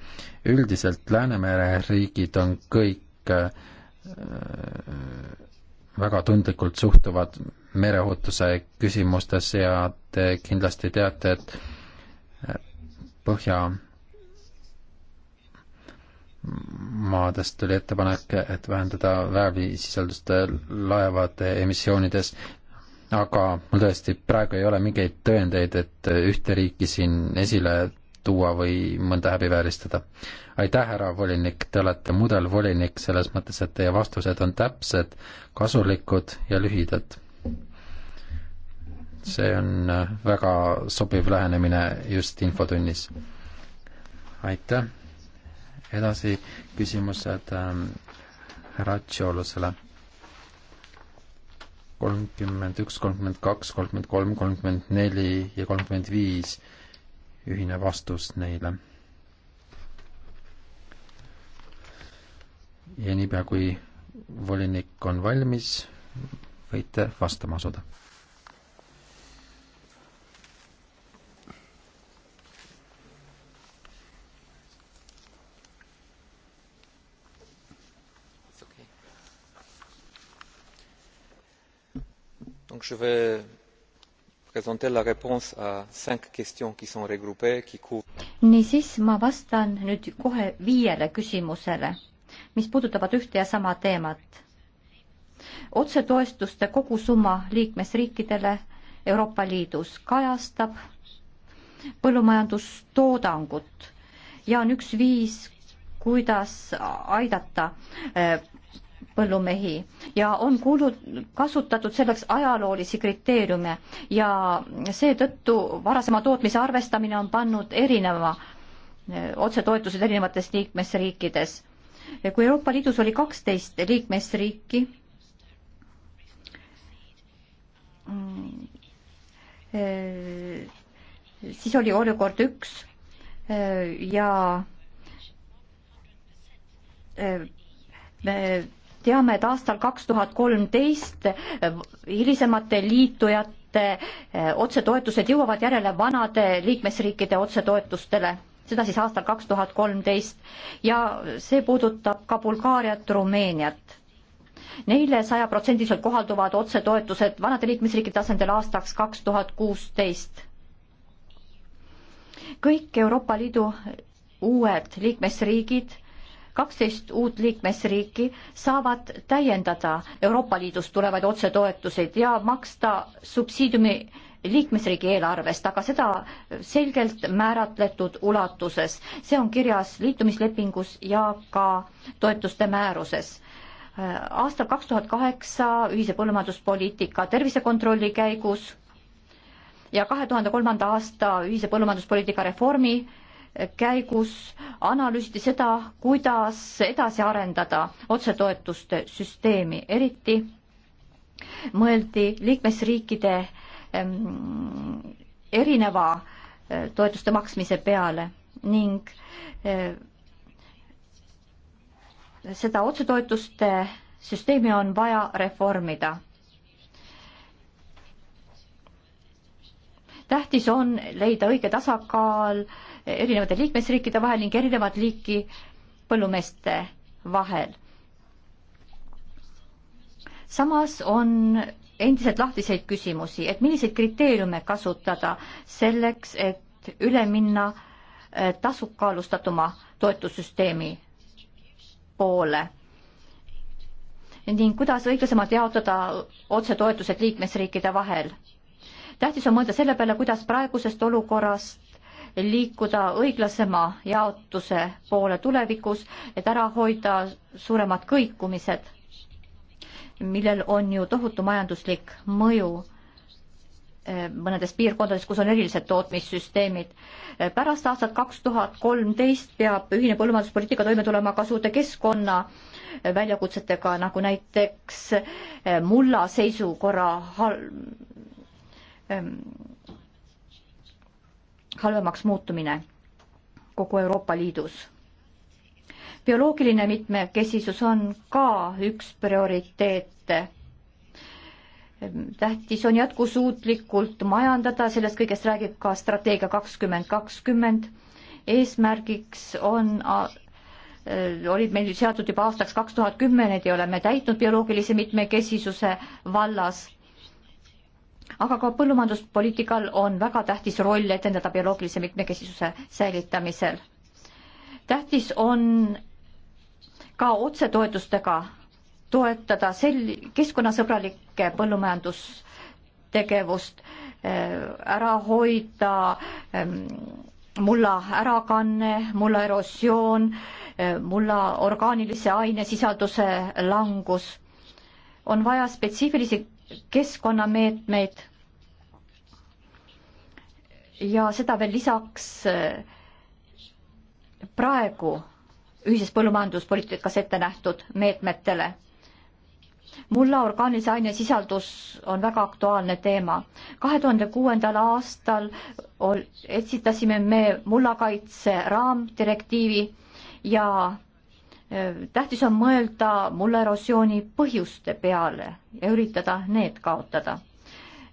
üldiselt Läänemere riigid on kõik äh, väga tundlikult suhtuvad mereohutuse küsimustesse ja te kindlasti teate, et äh, Põhja maadest tuli ettepanek, et vähendada väävlisisaldust laevade emissioonides aga mul tõesti praegu ei ole mingeid tõendeid, et ühte riiki siin esile tuua või mõnda häbivääristada. aitäh, härra volinik, te olete mudelvolinik selles mõttes, et teie vastused on täpsed, kasulikud ja lühidad. see on äh, väga sobiv lähenemine just infotunnis. aitäh, edasi küsimused ähm, härra Tšoolusele kolmkümmend üks, kolmkümmend kaks, kolmkümmend kolm, kolmkümmend neli ja kolmkümmend viis ühine vastus neile. ja niipea, kui volinik on valmis, võite vastama asuda je vais présenter la réponse à cinq questions qui sont regroupées qui couvrent
niisiis ma vastan nüüd kohe viiele küsimusele mis puudutavad ühte ja sama teemat otsetoestuste kogusumma liikmesriikidele Euroopa Liidus kajastab põllumajandustoodangut ja on üks viis, kuidas aidata äh, põllumehi ja on kuulut-, kasutatud selleks ajaloolisi kriteeriume ja seetõttu varasema tootmise arvestamine on pannud erineva eh, otsetoetused erinevates liikmesriikides. kui Euroopa Liidus oli kaksteist liikmesriiki, eh, siis oli olukord üks eh, ja me teame, et aastal kaks tuhat kolmteist hilisemate liitujate eh, otsetoetused jõuavad järele vanade liikmesriikide otsetoetustele, seda siis aastal kaks tuhat kolmteist ja see puudutab ka Bulgaariat, Rumeeniat. Neile sajaprotsendiliselt kohalduvad otsetoetused vanade liikmesriikide tasandil aastaks kaks tuhat kuusteist. kõik Euroopa Liidu uued liikmesriigid kaksteist uut liikmesriiki saavad täiendada Euroopa Liidust tulevaid otsetoetuseid ja maksta subsiidiumi liikmesriigi eelarvest, aga seda selgelt määratletud ulatuses. see on kirjas liitumislepingus ja ka toetuste määruses aastal kaks tuhat kaheksa ühise põllumajanduspoliitika tervisekontrolli käigus ja kahe tuhande kolmanda aasta ühise põllumajanduspoliitika reformi käigus analüüsiti seda, kuidas edasi arendada otsetoetuste süsteemi, eriti mõeldi liikmesriikide erineva eh, toetuste maksmise peale ning eh, seda otsetoetuste süsteemi on vaja reformida tähtis on leida õige tasakaal erinevate liikmesriikide vahel ning erinevat liiki põllumeeste vahel. samas on endiselt lahtiseid küsimusi, et milliseid kriteeriume kasutada selleks, et üle minna äh, tasukaalustatuma toetussüsteemi poole ning kuidas õiglasemalt jaotada otsetoetused liikmesriikide vahel. tähtis on mõelda selle peale, kuidas praegusest olukorrast liikuda õiglasema jaotuse poole tulevikus, et ära hoida suuremad kõikumised, millel on ju tohutu majanduslik mõju eh, mõnedes piirkondades, kus on erilised tootmissüsteemid. Eh, pärast aastat kaks tuhat kolmteist peab ühine põllumajanduspoliitika toime tulema ka suurte keskkonna eh, väljakutsetega, nagu näiteks mulla seisukorra hal-, halvemaks muutumine kogu Euroopa Liidus. bioloogiline mitmekesisus on ka üks prioriteete. tähtis on jätkusuutlikult majandada, sellest kõigest räägib ka strateegia kakskümmend kakskümmend. eesmärgiks on olid meil seatud juba aastaks kaks tuhat kümme, need ei ole me täitnud bioloogilise mitmekesisuse vallas aga ka põllumajanduspoliitikal on väga tähtis roll etendada bioloogilise mitmekesisuse säilitamisel. tähtis on ka otsetoetustega toetada sel-, keskkonnasõbralikke põllumajandustegevust, äh, ära hoida ähm, mulla ärakanne, mulla erosioon, äh, mulla orgaanilise ainesisalduse langus. on vaja spetsiifilisi keskkonnameetmeid ja seda veel lisaks eh, praegu ühises põllumajanduspoliitikas ette nähtud meetmetele. mulla orgaanilise aine sisaldus on väga aktuaalne teema. kahe tuhande kuuendal aastal esitasime me mullakaitse raamdirektiivi ja tähtis on mõelda mullerosiooni põhjuste peale ja üritada need kaotada.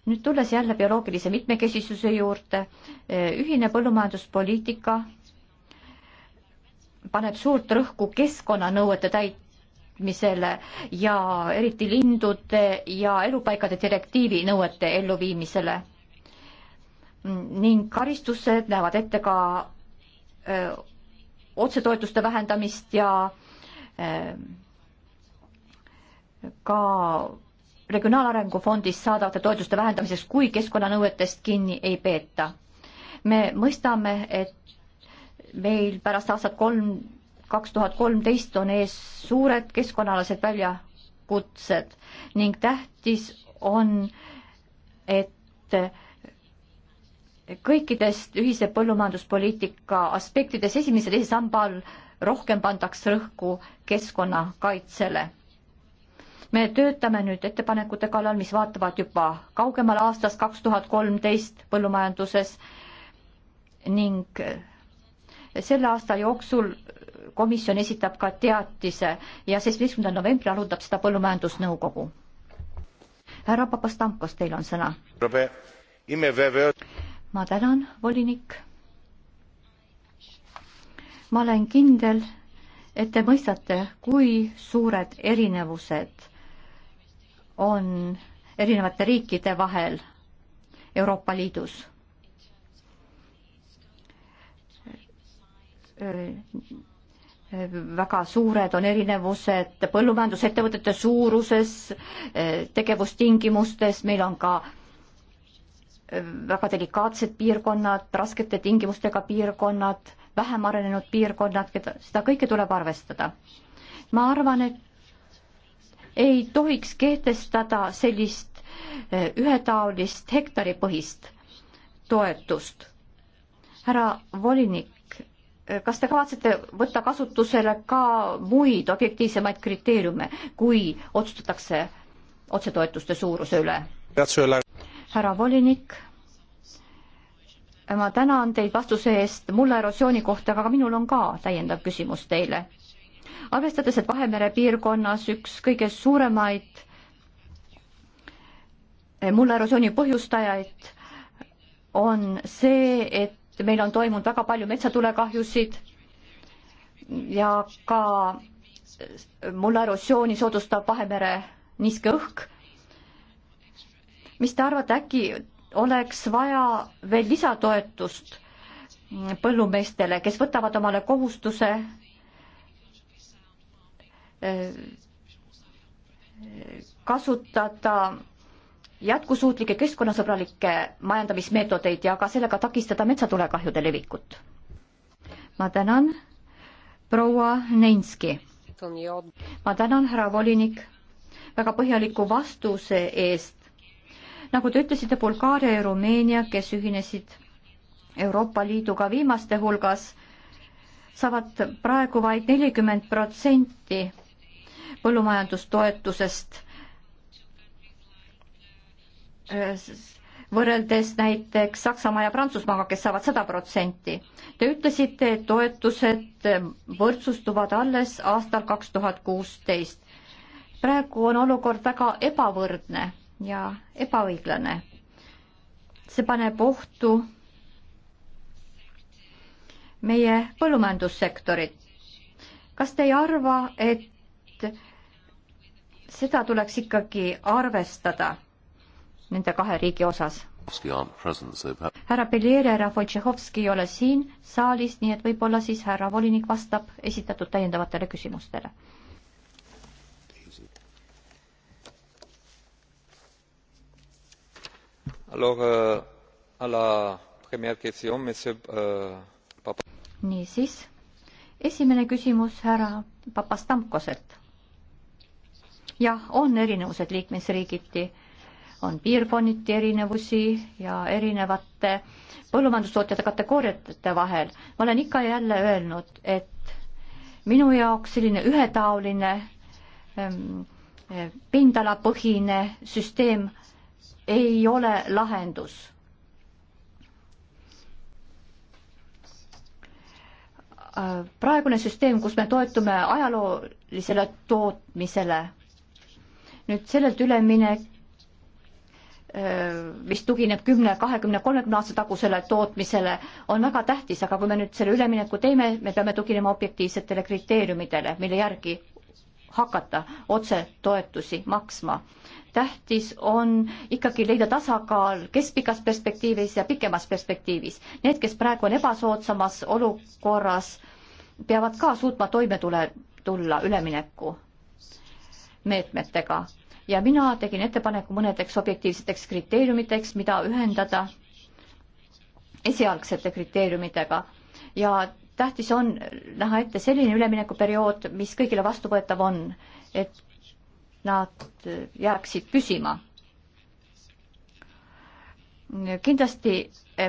nüüd tulles jälle bioloogilise mitmekesisuse juurde, e, ühine põllumajanduspoliitika paneb suurt rõhku keskkonnanõuete täitmisele ja eriti lindude ja elupaikade direktiivi nõuete elluviimisele. ning karistused näevad ette ka öö, e, otsetoetuste vähendamist ja Ehm, ka Regionaalarengu fondist saadavate toetuste vähendamiseks, kui keskkonnanõuetest kinni ei peeta. me mõistame, et meil pärast aastat kolm, kaks tuhat kolmteist on ees suured keskkonnaalased väljakutsed ning tähtis on, et kõikidest ühise põllumajanduspoliitika aspektides esimese ja teise samba all rohkem pandaks rõhku keskkonnakaitsele. me töötame nüüd ettepanekute kallal, mis vaatavad juba kaugemal aastast kaks tuhat kolmteist põllumajanduses ning selle aasta jooksul komisjon esitab ka teatise ja seitsmeteistkümnendal novembril arutab seda Põllumajandusnõukogu. härra Papastamkos, teil on sõna. ma tänan, volinik ma olen kindel, et te mõistate, kui suured erinevused on erinevate riikide vahel Euroopa Liidus. väga suured on erinevused põllumajandusettevõtete suuruses, tegevustingimustes, meil on ka väga delikaatsed piirkonnad, raskete tingimustega piirkonnad, vähem arenenud piirkonnad, keda, seda kõike tuleb arvestada. ma arvan, et ei tohiks kehtestada sellist eh, ühetaolist hektaripõhist toetust. härra volinik, eh, kas te kavatsete võtta kasutusele ka muid objektiivsemaid kriteeriume, kui otsustatakse otsetoetuste suuruse üle? härra volinik, ma tänan teid vastuse eest mulla erosiooni kohta, aga minul on ka täiendav küsimus teile. arvestades, et Vahemere piirkonnas üks kõige suuremaid eh, mulla erosiooni põhjustajaid on see, et meil on toimunud väga palju metsatulekahjusid ja ka mulla erosiooni soodustab Vahemere niiske õhk mis te arvate, äkki oleks vaja veel lisatoetust põllumeestele, kes võtavad omale kohustuse eh, kasutada jätkusuutlikke keskkonnasõbralikke majandamismeetodeid ja ka sellega takistada metsatulekahjude levikut. ma tänan, proua Neinski. ma tänan, härra volinik, väga põhjaliku vastuse eest nagu te ütlesite, Bulgaaria ja Rumeenia, kes ühinesid Euroopa Liiduga viimaste hulgas, saavad praegu vaid nelikümmend protsenti põllumajandustoetusest võrreldes näiteks Saksamaa ja Prantsusmaaga, kes saavad sada protsenti. Te ütlesite, et toetused võrdsustuvad alles aastal kaks tuhat kuusteist. praegu on olukord väga ebavõrdne ja ebaõiglane. see paneb ohtu meie põllumajandussektorit. kas te ei arva, et seda tuleks ikkagi arvestada nende kahe riigi osas?
härra
Belir ja härra Wojciechowski ei ole siin saalis, nii et võib-olla siis härra volinik vastab esitatud täiendavatele küsimustele
Euh, euh,
niisiis, esimene küsimus härra Papastamkoselt. jah, on erinevused liikmesriigiti, on piirkonniti erinevusi ja erinevate põllumajandustootjate kategooriate vahel. ma olen ikka ja jälle öelnud, et minu jaoks selline ühetaoline ähm, äh, pindalapõhine süsteem ei ole lahendus. praegune süsteem, kus me toetume ajaloolisele tootmisele, nüüd sellelt üleminek, mis tugineb kümne, kahekümne, kolmekümne aasta tagusele tootmisele, on väga tähtis, aga kui me nüüd selle ülemineku teeme, me peame tuginema objektiivsetele kriteeriumidele, mille järgi hakata otse toetusi maksma tähtis on ikkagi leida tasakaal keskpikas perspektiivis ja pikemas perspektiivis. Need, kes praegu on ebasoodsamas olukorras, peavad ka suutma toime tule, tulla ülemineku meetmetega ja mina tegin ettepaneku mõnedeks objektiivseteks kriteeriumiteks, mida ühendada esialgsete kriteeriumitega ja tähtis on näha ette selline üleminekuperiood, mis kõigile vastuvõetav on, et nad jääksid püsima. kindlasti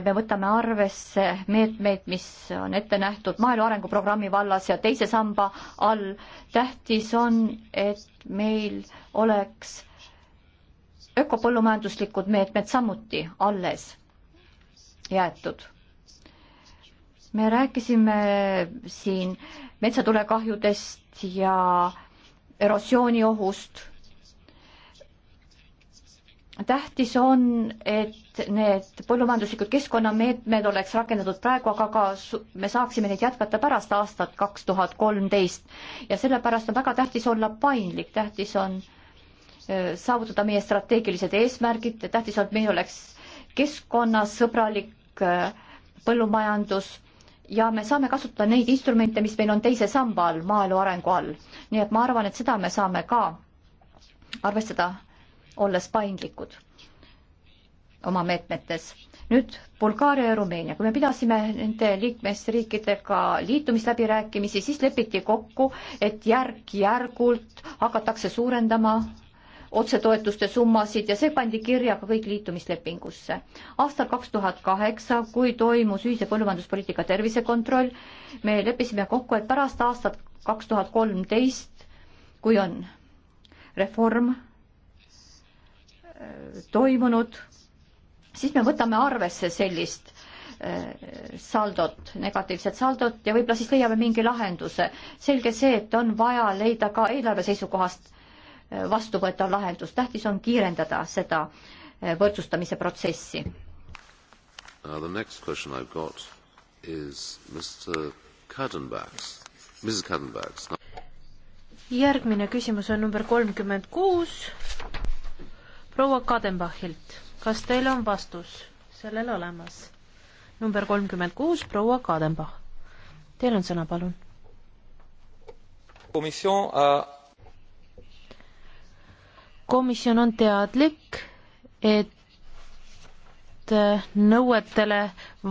me võtame arvesse meetmeid, mis on ette nähtud maaelu arenguprogrammi vallas ja teise samba all. tähtis on, et meil oleks ökopõllumajanduslikud meetmed samuti alles jäetud. me rääkisime siin metsatulekahjudest ja erosiooni ohust. tähtis on, et need põllumajanduslikud keskkonnameetmed oleks rakendatud praegu, aga ka me saaksime neid jätkata pärast aastat kaks tuhat kolmteist ja sellepärast on väga tähtis olla paindlik, tähtis on saavutada meie strateegilised eesmärgid, tähtis on, et meil oleks keskkonnasõbralik põllumajandus ja me saame kasutada neid instrumente, mis meil on teise samba all, maaelu arengu all. nii et ma arvan, et seda me saame ka arvestada, olles paindlikud oma meetmetes. nüüd Bulgaaria ja Rumeenia, kui me pidasime nende liikmesriikidega liitumisläbirääkimisi, siis lepiti kokku, et järk-järgult hakatakse suurendama otsetoetuste summasid ja see pandi kirja ka kõik liitumislepingusse. aastal kaks tuhat kaheksa, kui toimus ühise põllumajanduspoliitika tervisekontroll, me leppisime kokku, et pärast aastat kaks tuhat kolmteist, kui on reform äh, toimunud, siis me võtame arvesse sellist äh, saldot, negatiivset saldot ja võib-olla siis leiame mingi lahenduse. selge see, et on vaja leida ka eelarve seisukohast vastuvõetav lahendus, tähtis on kiirendada seda eh, võrdsustamise protsessi.
Now the next question I've got is Mr Kadenbach's, Mrs Kadenbach's.
järgmine küsimus on number kolmkümmend kuus proua Kadenbachilt. kas teil on vastus sellele olemas? number kolmkümmend kuus, proua Kadenbach. Teil on sõna, palun.
komisjon äh
komisjon on teadlik, et nõuetele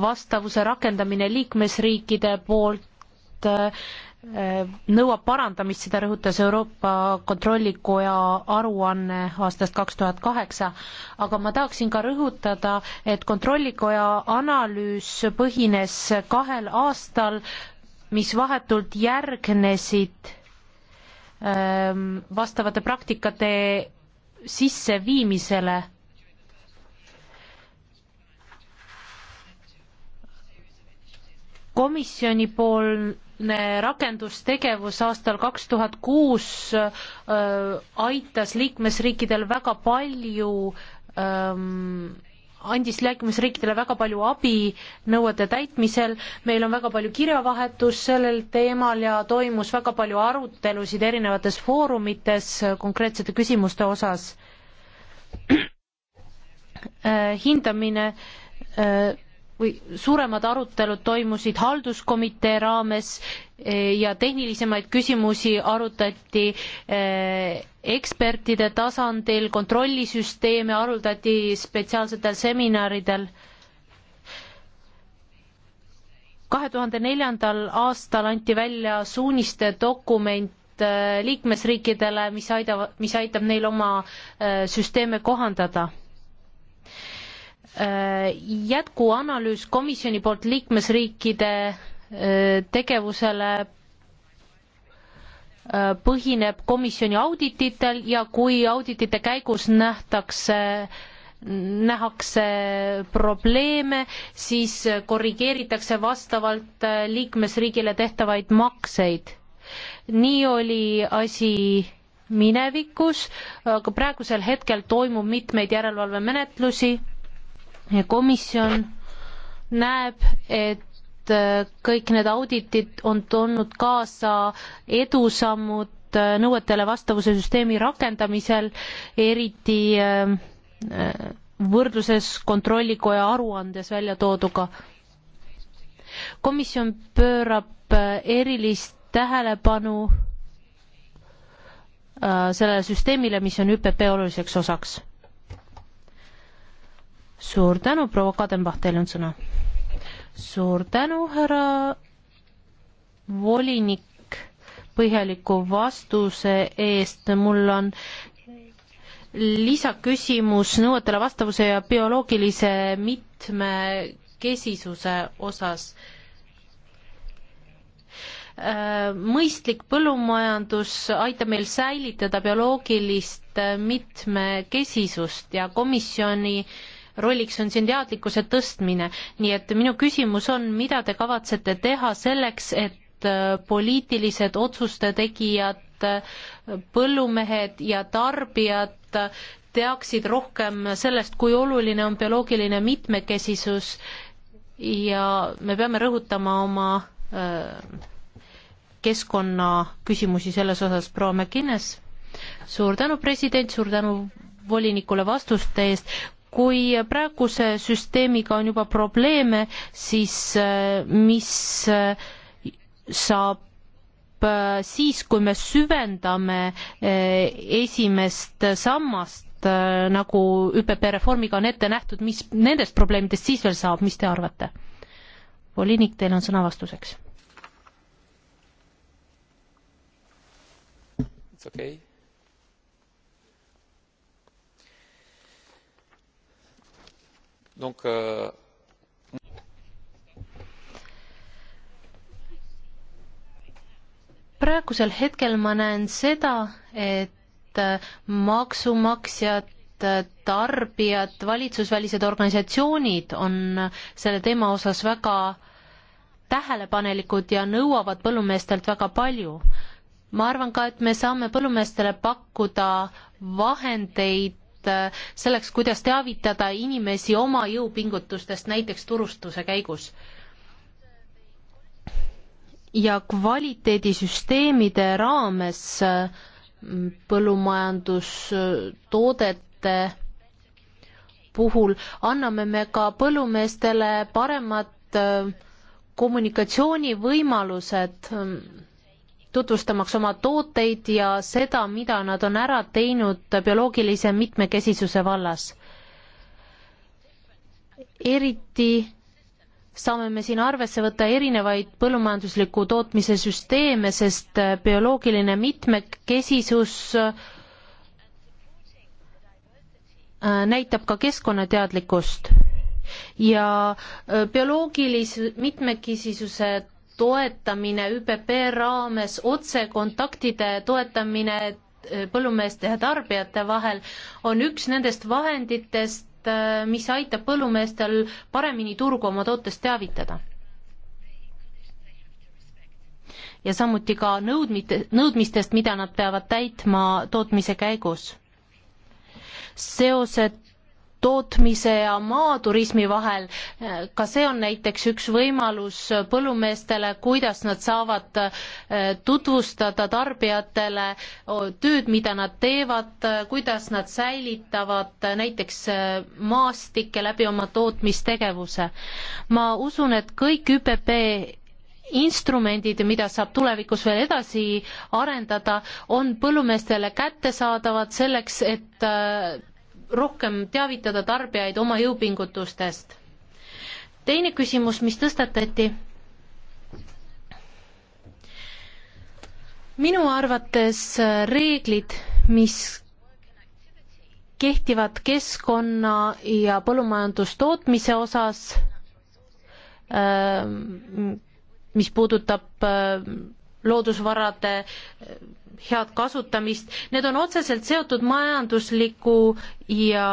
vastavuse rakendamine liikmesriikide poolt eh, nõuab parandamist, seda rõhutas Euroopa Kontrollikoja aruanne aastast kaks tuhat kaheksa, aga ma tahaksin ka rõhutada, et Kontrollikoja analüüs põhines kahel aastal, mis vahetult järgnesid ehm, vastavate praktikate sisseviimisele komisjonipoolne rakendustegevus aastal kaks tuhat kuus äh, aitas liikmesriikidel väga palju öö, ähm, andis liikmesriikidele väga palju abi nõuete täitmisel, meil on väga palju kirjavahetus sellel teemal ja toimus väga palju arutelusid erinevates foorumites konkreetsete küsimuste osas. Äh, hindamine äh, või suuremad arutelud toimusid halduskomitee raames eh, ja tehnilisemaid küsimusi arutati eh, ekspertide tasandil, kontrollisüsteeme arutati spetsiaalsetel seminaridel. kahe tuhande neljandal aastal anti välja suuniste dokument eh, liikmesriikidele, mis aidavad, mis aitab neil oma süsteeme kohandada Äh, jätkuanalüüs komisjoni poolt liikmesriikide äh, tegevusele äh, põhineb komisjoni audititel ja kui auditite käigus nähtakse nähakse probleeme, siis korrigeeritakse vastavalt liikmesriigile tehtavaid makseid. nii oli asi minevikus, aga praegusel hetkel toimub mitmeid järelevalvemenetlusi komisjon näeb, et äh, kõik need auditid on toonud kaasa edusammud äh, nõuetele vastavuse süsteemi rakendamisel, eriti äh, võrdluses Kontrollikoja aruandes välja tooduga. komisjon pöörab erilist tähelepanu sellele süsteemile, mis on ÜPP oluliseks osaks suur tänu, proua Kadenbach, teil on sõna. suur tänu, härra volinik, põhjaliku vastuse eest, mul on lisaküsimus nõuetele vastavuse ja bioloogilise mitmekesisuse osas. Äh, mõistlik põllumajandus aitab meil säilitada bioloogilist mitmekesisust ja komisjoni äh, rolliks on siin teadlikkuse tõstmine, nii et minu küsimus on, mida te kavatsete teha selleks, et äh, poliitilised otsuste tegijad, äh, põllumehed ja tarbijad äh, teaksid rohkem sellest, kui oluline on bioloogiline mitmekesisus ja me peame rõhutama oma keskkonnaküsimusi selles osas, proua McInnes. suur tänu, president, suur tänu volinikule vastuste eest kui praeguse süsteemiga on juba probleeme, siis äh, mis äh, saab äh, siis, kui me süvendame esimest sammast, nagu ÜPP reformiga on ette nähtud, mis nendest probleemidest siis veel saab, mis te arvate? volinik, teil on sõna vastuseks.
It's okay Donc, euh...
praegusel hetkel ma näen seda, et äh, maksumaksjad, äh, tarbijad, valitsusvälised organisatsioonid on äh, selle teema osas väga tähelepanelikud ja nõuavad põllumeestelt väga palju. ma arvan ka, et me saame põllumeestele pakkuda vahendeid Äh, selleks, kuidas teavitada inimesi oma jõupingutustest, näiteks turustuse käigus. ja kvaliteedisüsteemide raames äh, põllumajandustoodete puhul anname me ka põllumeestele paremad äh, kommunikatsioonivõimalused ähm, tutvustamaks oma tooteid ja seda, mida nad on ära teinud bioloogilise mitmekesisuse vallas. eriti saame me siin arvesse võtta erinevaid põllumajandusliku tootmise süsteeme, sest bioloogiline mitmekesisus äh, näitab ka keskkonnateadlikkust ja äh, bioloogilise mitmekesisuse toetamine ÜPP raames, otsekontaktide toetamine äh, põllumeeste ja tarbijate vahel on üks nendest vahenditest, äh, mis aitab põllumeestel paremini turgu oma tootest teavitada. ja samuti ka nõudmite, nõudmistest, mida nad peavad täitma tootmise käigus. seosed tootmise ja maaturismi vahel, ka see on näiteks üks võimalus põllumeestele, kuidas nad saavad eh, tutvustada tarbijatele tööd, mida nad teevad, kuidas nad säilitavad eh, näiteks eh, maastikke läbi oma tootmistegevuse. ma usun, et kõik ÜPP instrumendid, mida saab tulevikus veel edasi arendada, on põllumeestele kättesaadavad selleks, et rohkem teavitada tarbijaid oma jõupingutustest. teine küsimus, mis tõstatati. minu arvates reeglid, mis kehtivad keskkonna ja põllumajandustootmise osas, ähm, mis puudutab äh, loodusvarade äh, head kasutamist, need on otseselt seotud majandusliku ja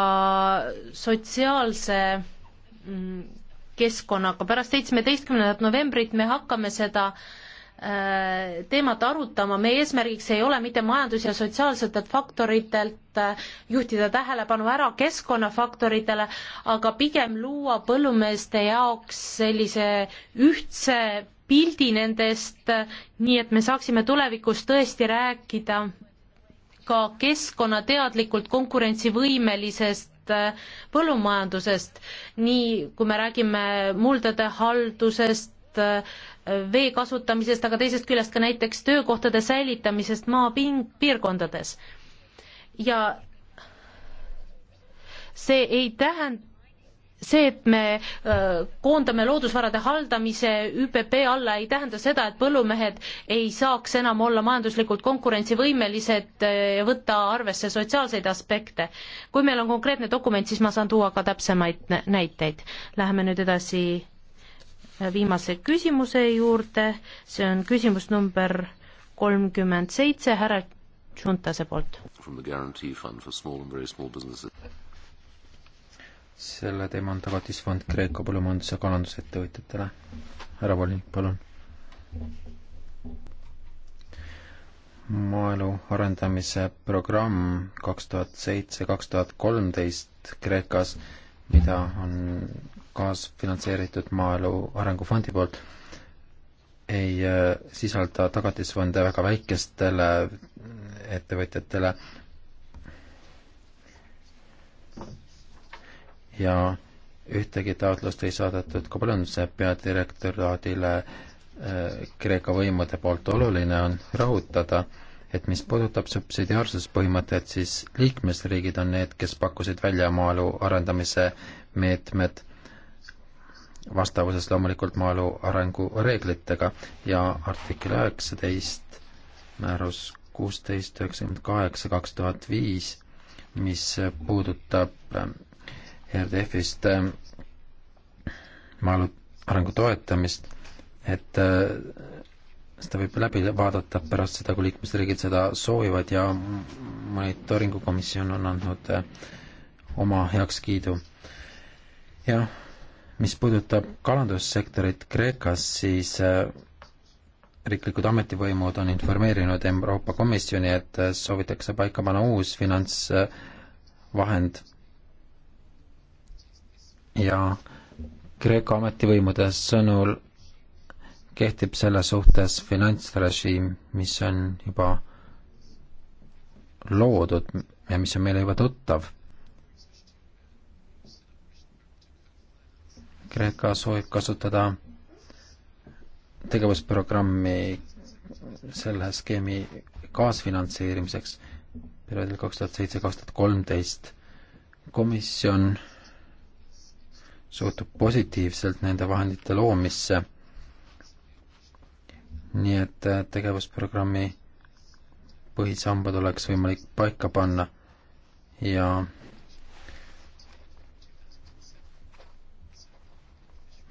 sotsiaalse mm, keskkonnaga. pärast seitsmeteistkümnendat novembrit me hakkame seda äh, teemat arutama, meie eesmärgiks ei ole mitte majandus- ja sotsiaalsetelt faktoritelt äh, juhtida tähelepanu ära keskkonnafaktoritele, aga pigem luua põllumeeste jaoks sellise ühtse pildi nendest, nii et me saaksime tulevikus tõesti rääkida ka keskkonnateadlikult konkurentsivõimelisest äh, põllumajandusest, nii kui me räägime muldade haldusest, äh, vee kasutamisest, aga teisest küljest ka näiteks töökohtade säilitamisest maapiirkondades. ja see ei tähenda, see, et me koondame loodusvarade haldamise ÜPP alla, ei tähenda seda, et põllumehed ei saaks enam olla majanduslikult konkurentsivõimelised ja võtta arvesse sotsiaalseid aspekte. kui meil on konkreetne dokument, siis ma saan tuua ka täpsemaid näiteid. Läheme nüüd edasi viimase küsimuse juurde, see on küsimus number kolmkümmend seitse härra Tšuntase poolt
selle teema on Tagatisfond Kreeka põllumajandus- ja kalandusettevõtjatele. härra volinik, palun. maaelu arendamise programm kaks tuhat seitse, kaks tuhat kolmteist Kreekas, mida on kaasfinantseeritud Maaelu Arengufondi poolt, ei äh, sisalda tagatisfonde väga väikestele ettevõtjatele, ja ühtegi taotlust ei saadetud ka Polonse peadirektoraadile äh, Kreeka võimude poolt. oluline on rõhutada, et mis puudutab subsidiaarsuspõhimõtet, siis liikmesriigid on need, kes pakkusid välja maaelu arendamise meetmed vastavuses loomulikult maaelu arengureeglitega ja artikkel üheksateist määrus kuusteist üheksakümmend kaheksa kaks tuhat viis, mis puudutab äh, RDF-ist ähm, maaelu arengu toetamist, et äh, seda võib läbi vaadata pärast seda, kui liikmesriigid seda soovivad ja monitooringukomisjon on andnud äh, oma heakskiidu. jah, mis puudutab kalandussektorit Kreekas, siis äh, riiklikud ametivõimud on informeerinud Euroopa Komisjoni, et soovitakse paika panna uus finantsvahend ja Kreeka ametivõimude sõnul kehtib selle suhtes finantsrežiim, mis on juba loodud ja mis on meile juba tuttav. Kreeka soovib kasutada tegevusprogrammi selle skeemi kaasfinantseerimiseks perioodil kaks tuhat seitse, kaks tuhat kolmteist. komisjon suhtub positiivselt nende vahendite loomisse. nii et äh, tegevusprogrammi põhisambad oleks võimalik paika panna ja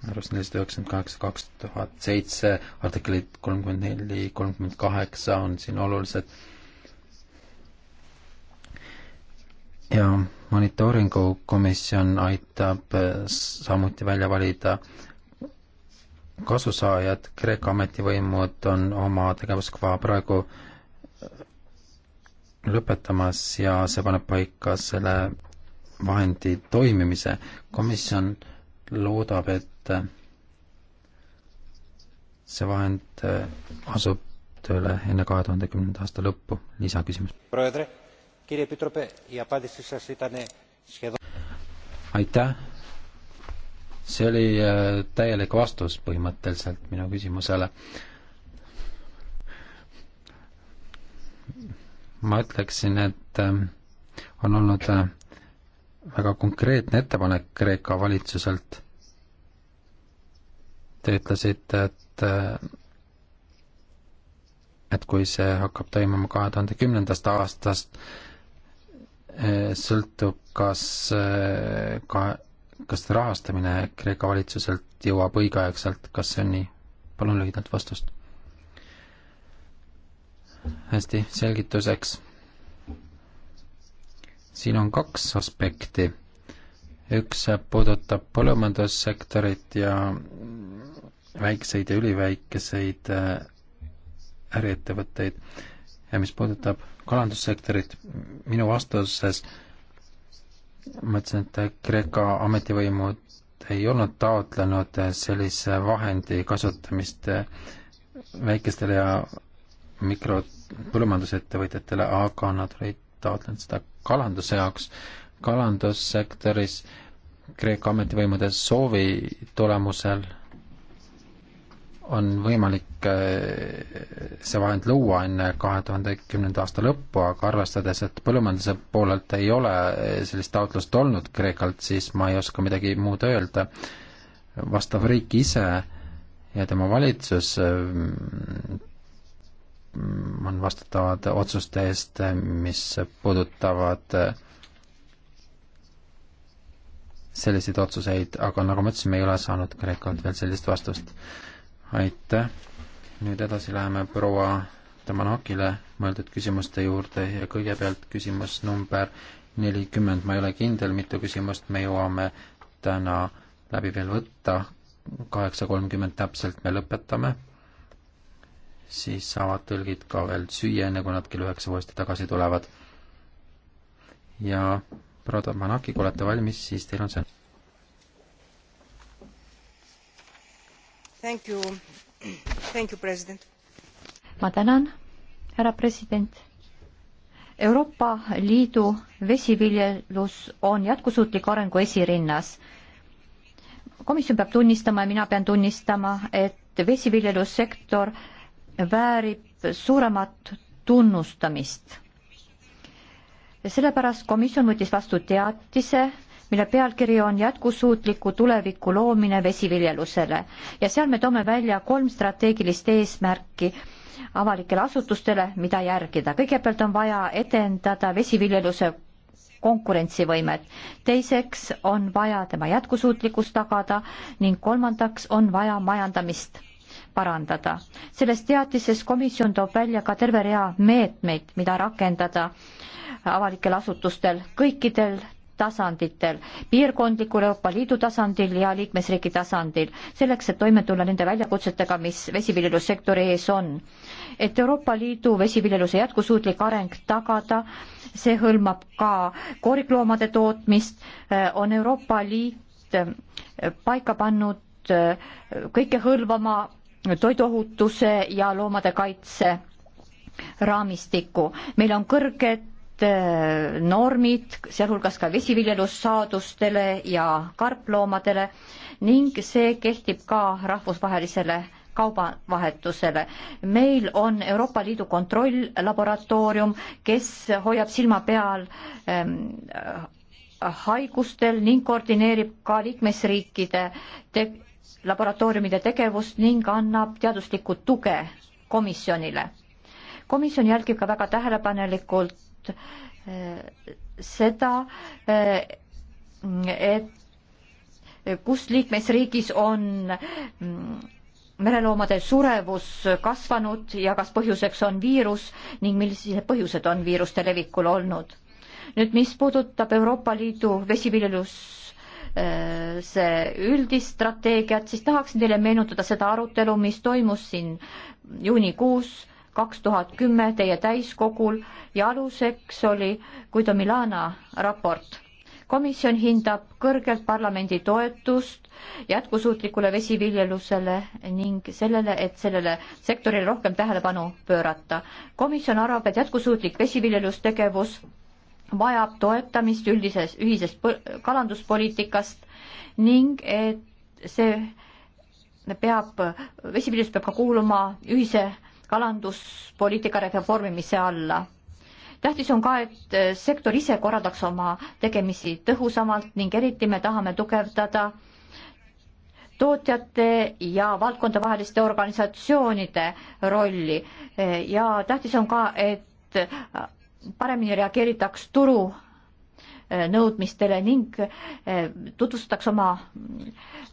arvest nelisada üheksakümmend kaheksa, kaks tuhat seitse, artiklid kolmkümmend neli, kolmkümmend kaheksa on siin olulised ja monitooringukomisjon aitab äh, samuti välja valida kasusaajad, Kreeka ametivõimud on oma tegevuskava praegu äh, lõpetamas ja see paneb paika selle vahendi toimimise. komisjon loodab, et äh, see vahend asub tööle enne kahe tuhande kümnenda aasta lõppu. lisaküsimus aitäh, see oli äh, täielik vastus põhimõtteliselt minu küsimusele. ma ütleksin, et äh, on olnud äh, väga konkreetne ettepanek Kreeka valitsuselt. Te ütlesite, et et kui see hakkab toimuma kahe tuhande kümnendast aastast, Eh, sõltub, kas eh, ka, kas rahastamine Kreeka valitsuselt jõuab õigeaegselt, kas see on nii? palun lühidalt vastust. hästi, selgituseks. siin on kaks aspekti. üks puudutab põllumajandussektorit ja väikseid ja üliväikeseid eh, äriettevõtteid ja mis puudutab kalandussektorit, minu vastuses ma ütlesin, et Kreeka ametivõimud ei olnud taotlenud sellise vahendi kasutamist väikestele ja mikropõllumajandusettevõtjatele, aga nad olid taotlenud seda kalanduse jaoks. kalandussektoris Kreeka ametivõimude soovi tulemusel on võimalik eh, see vahend luua enne kahe tuhande kümnenda aasta lõppu, aga arvestades, et põllumajanduse poolelt ei ole eh, sellist taotlust olnud Kreekalt, siis ma ei oska midagi muud öelda. vastav riik ise ja tema valitsus mm, on vastutavad otsuste eest, mis puudutavad eh, selliseid otsuseid, aga nagu ma ütlesin, me ei ole saanud Kreekalt veel sellist vastust aitäh. nüüd edasi läheme proua Tamanakile mõeldud küsimuste juurde ja kõigepealt küsimus number nelikümmend, ma ei ole kindel, mitu küsimust me jõuame täna läbi veel võtta, kaheksa kolmkümmend täpselt me lõpetame, siis saavad tõlgid ka veel süüa, enne kui nad kell üheksa uuesti tagasi tulevad. ja proua Tamanaki, kui olete valmis, siis teil on sõna.
ma tänan, härra president. Euroopa Liidu vesiviljelus on jätkusuutliku arengu esirinnas. komisjon peab tunnistama ja mina pean tunnistama, et vesiviljelussektor väärib suuremat tunnustamist. sellepärast komisjon võttis vastu teatise mille pealkiri on jätkusuutliku tuleviku loomine vesiviljelusele ja seal me toome välja kolm strateegilist eesmärki avalikele asutustele, mida järgida. kõigepealt on vaja edendada vesiviljeluse konkurentsivõimet, teiseks on vaja tema jätkusuutlikkust tagada ning kolmandaks on vaja majandamist parandada. selles teatises komisjon toob välja ka terve rea meetmeid, mida rakendada avalikel asutustel kõikidel tasanditel, piirkondlikul Euroopa Liidu tasandil ja liikmesriigi tasandil, selleks, et toime tulla nende väljakutsetega, mis vesiviljelussektori ees on. et Euroopa Liidu vesiviljeluse jätkusuutlik areng tagada, see hõlmab ka koorikloomade tootmist, äh, on Euroopa Liit äh, paika pannud äh, kõikehõlvama toiduohutuse ja loomade kaitse raamistikku. meil on kõrged Äh, normid, sealhulgas ka vesiviljelussaadustele ja karploomadele ning see kehtib ka rahvusvahelisele kaubavahetusele. meil on Euroopa Liidu kontrolllaboratoorium, kes hoiab silma peal ähm, äh, haigustel ning koordineerib ka liikmesriikide te laboratooriumide tegevust ning annab teaduslikku tuge komisjonile. komisjon jälgib ka väga tähelepanelikult näidanud eh, seda, eh, et kus liikmesriigis on mm, mereloomade surevus kasvanud ja kas põhjuseks on viirus ning millised põhjused on viiruste levikul olnud. nüüd, mis puudutab Euroopa Liidu vesiviljeluse eh, üldist strateegiat, siis tahaksin teile meenutada seda arutelu, mis toimus siin juunikuus kaks tuhat kümme teie täiskogul ja aluseks oli Guido Milana raport. komisjon hindab kõrgelt parlamendi toetust jätkusuutlikule vesiviljelusele ning sellele, et sellele sektorile rohkem tähelepanu pöörata. komisjon arvab, et jätkusuutlik vesiviljelustegevus vajab toetamist üldises, ühisest kalanduspoliitikast ning et see peab, vesiviljelus peab ka kuuluma ühise kalanduspoliitika reformimise alla. tähtis on ka, et sektor ise korraldaks oma tegemisi tõhusamalt ning eriti me tahame tugevdada tootjate ja valdkondavaheliste organisatsioonide rolli ja tähtis on ka, et paremini reageeritaks turu eh, nõudmistele ning eh, tutvustaks oma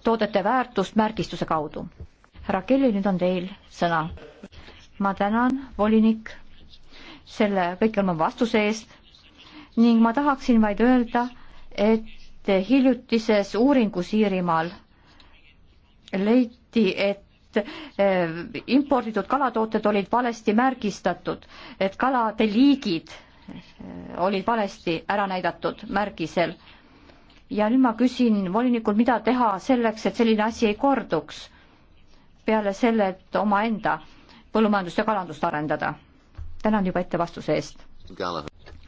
toodete väärtust märgistuse kaudu. härra Kelly, nüüd on teil sõna ma tänan, volinik, selle kõikehõlma vastuse eest ning ma tahaksin vaid öelda, et hiljutises uuringus Iirimaal leiti, et eh, imporditud kalatooted olid valesti märgistatud, et kalade liigid eh, olid valesti ära näidatud märgisel. ja nüüd ma küsin volinikult, mida teha selleks, et selline asi ei korduks peale selle, et omaenda põllumajandust ja kalandust arendada. tänan juba ette vastuse eest.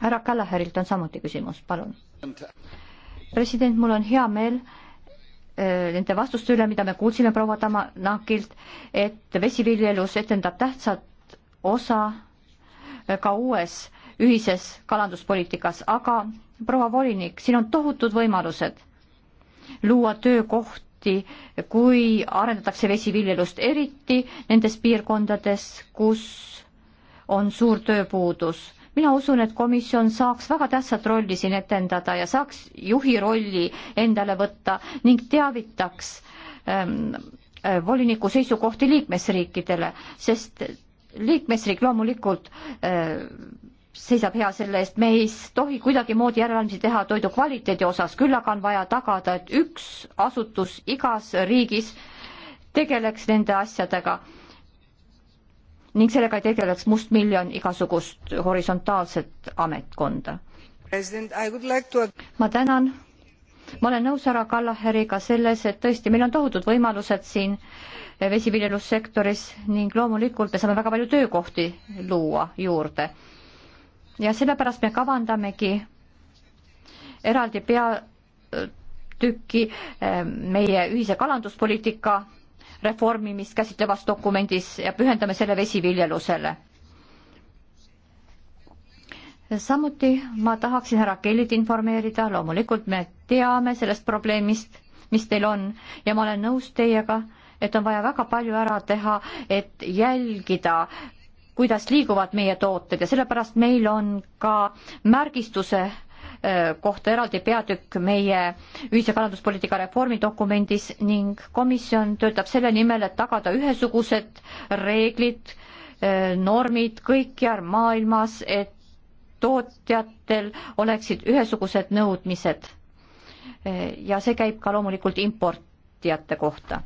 härra Kallahärilt on samuti küsimus, palun. president, mul on hea meel äh, nende vastuste üle, mida me kuulsime proua Tamanakilt, et vesiviljelus etendab tähtsat osa äh, ka uues ühises kalanduspoliitikas, aga proua volinik, siin on tohutud võimalused luua töökohti, eriti kui arendatakse vesiviljelust, eriti nendes piirkondades, kus on suur tööpuudus. mina usun, et komisjon saaks väga tähtsat rolli siin etendada ja saaks juhi rolli endale võtta ning teavitaks ähm, äh, voliniku seisukohti liikmesriikidele, sest liikmesriik loomulikult äh, seisab hea selle eest, me ei tohi kuidagimoodi järeleandmisi teha toidu kvaliteedi osas, küll aga on vaja tagada, et üks asutus igas riigis tegeleks nende asjadega ning sellega ei tegeleks mustmiljon igasugust horisontaalset ametkonda.
Like to...
ma tänan, ma olen nõus härra Kallaheriga selles, et tõesti, meil on tohutud võimalused siin vesiviljelussektoris ning loomulikult me saame väga palju töökohti luua juurde ja sellepärast me kavandamegi eraldi peatüki äh, äh, meie ühise kalanduspoliitika reformimist käsitlevas dokumendis ja pühendame selle vesiviljelusele. samuti ma tahaksin härra Kellit informeerida, loomulikult me teame sellest probleemist, mis teil on ja ma olen nõus teiega, et on vaja väga palju ära teha, et jälgida kuidas liiguvad meie tooted ja sellepärast meil on ka märgistuse äh, kohta eraldi peatükk meie ühise kalanduspoliitika reformi dokumendis ning komisjon töötab selle nimel, et tagada ühesugused reeglid, äh, normid kõikjal maailmas, et tootjatel oleksid ühesugused nõudmised. Äh, ja see käib ka loomulikult importijate kohta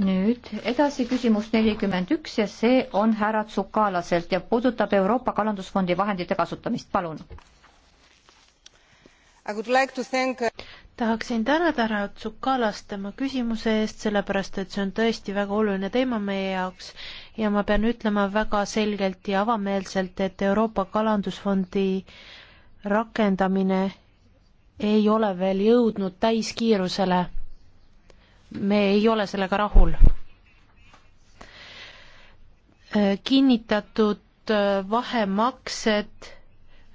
nüüd edasi küsimus nelikümmend üks ja see on härra Tsukalaselt ja puudutab Euroopa Kalandusfondi vahendite kasutamist, palun.
Like thank... Uh, tahaksin tänada härra Tsukalast tema küsimuse eest, sellepärast et see on tõesti väga oluline teema meie jaoks ja ma pean ütlema väga selgelt ja avameelselt, et Euroopa Kalandusfondi rakendamine ei ole veel jõudnud täiskiirusele me ei ole sellega rahul. Äh, kinnitatud äh, vahemaksed,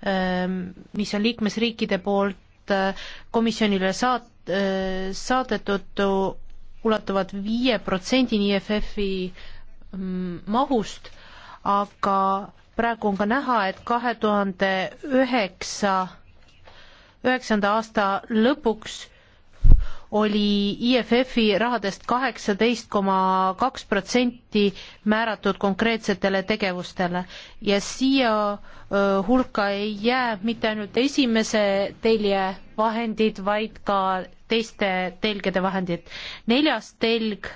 ähm, mis on liikmesriikide poolt äh, komisjonile saat-, saadetud, ulatuvad viie protsendini IFF-i e mm, mahust, aga praegu on ka näha, et kahe tuhande üheksa, üheksanda aasta lõpuks oli IFF-i rahadest kaheksateist koma kaks protsenti määratud konkreetsetele tegevustele ja siia hulka ei jää mitte ainult esimese telje vahendid, vaid ka teiste telgede vahendid. neljas telg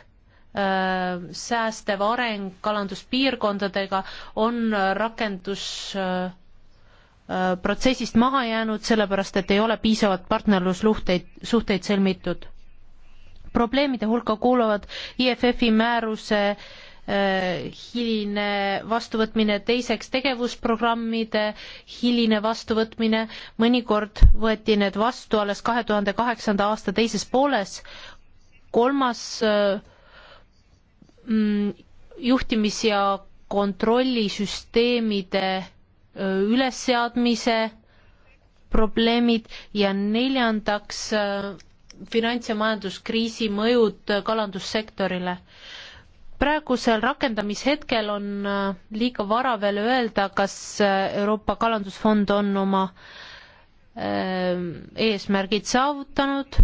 säästev areng kalanduspiirkondadega on rakendus äh, protsessist maha jäänud, sellepärast et ei ole piisavalt partnerlussuhteid, suhteid sõlmitud. probleemide hulka kuuluvad IFF-i määruse äh, hiline vastuvõtmine, teiseks tegevusprogrammide hiline vastuvõtmine, mõnikord võeti need vastu alles kahe tuhande kaheksanda aasta teises pooles, kolmas äh, mm, juhtimis- ja kontrollisüsteemide Äh, ülesseadmise probleemid ja neljandaks äh, finants- ja majanduskriisi mõjud äh, kalandussektorile. praegusel rakendamishetkel on liiga vara veel öelda, kas Euroopa Kalandusfond on oma eesmärgid saavutanud,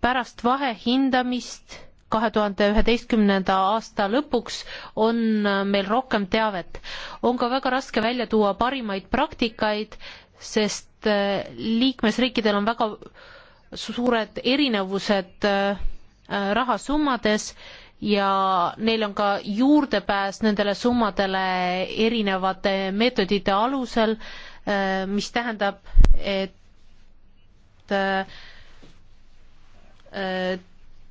pärast vahehindamist kahe tuhande üheteistkümnenda aasta lõpuks on meil rohkem teavet. on ka väga raske välja tuua parimaid praktikaid, sest eh, liikmesriikidel on väga suured erinevused eh, rahasummades ja neil on ka juurdepääs nendele summadele erinevate meetodite alusel, eh, mis tähendab, et, et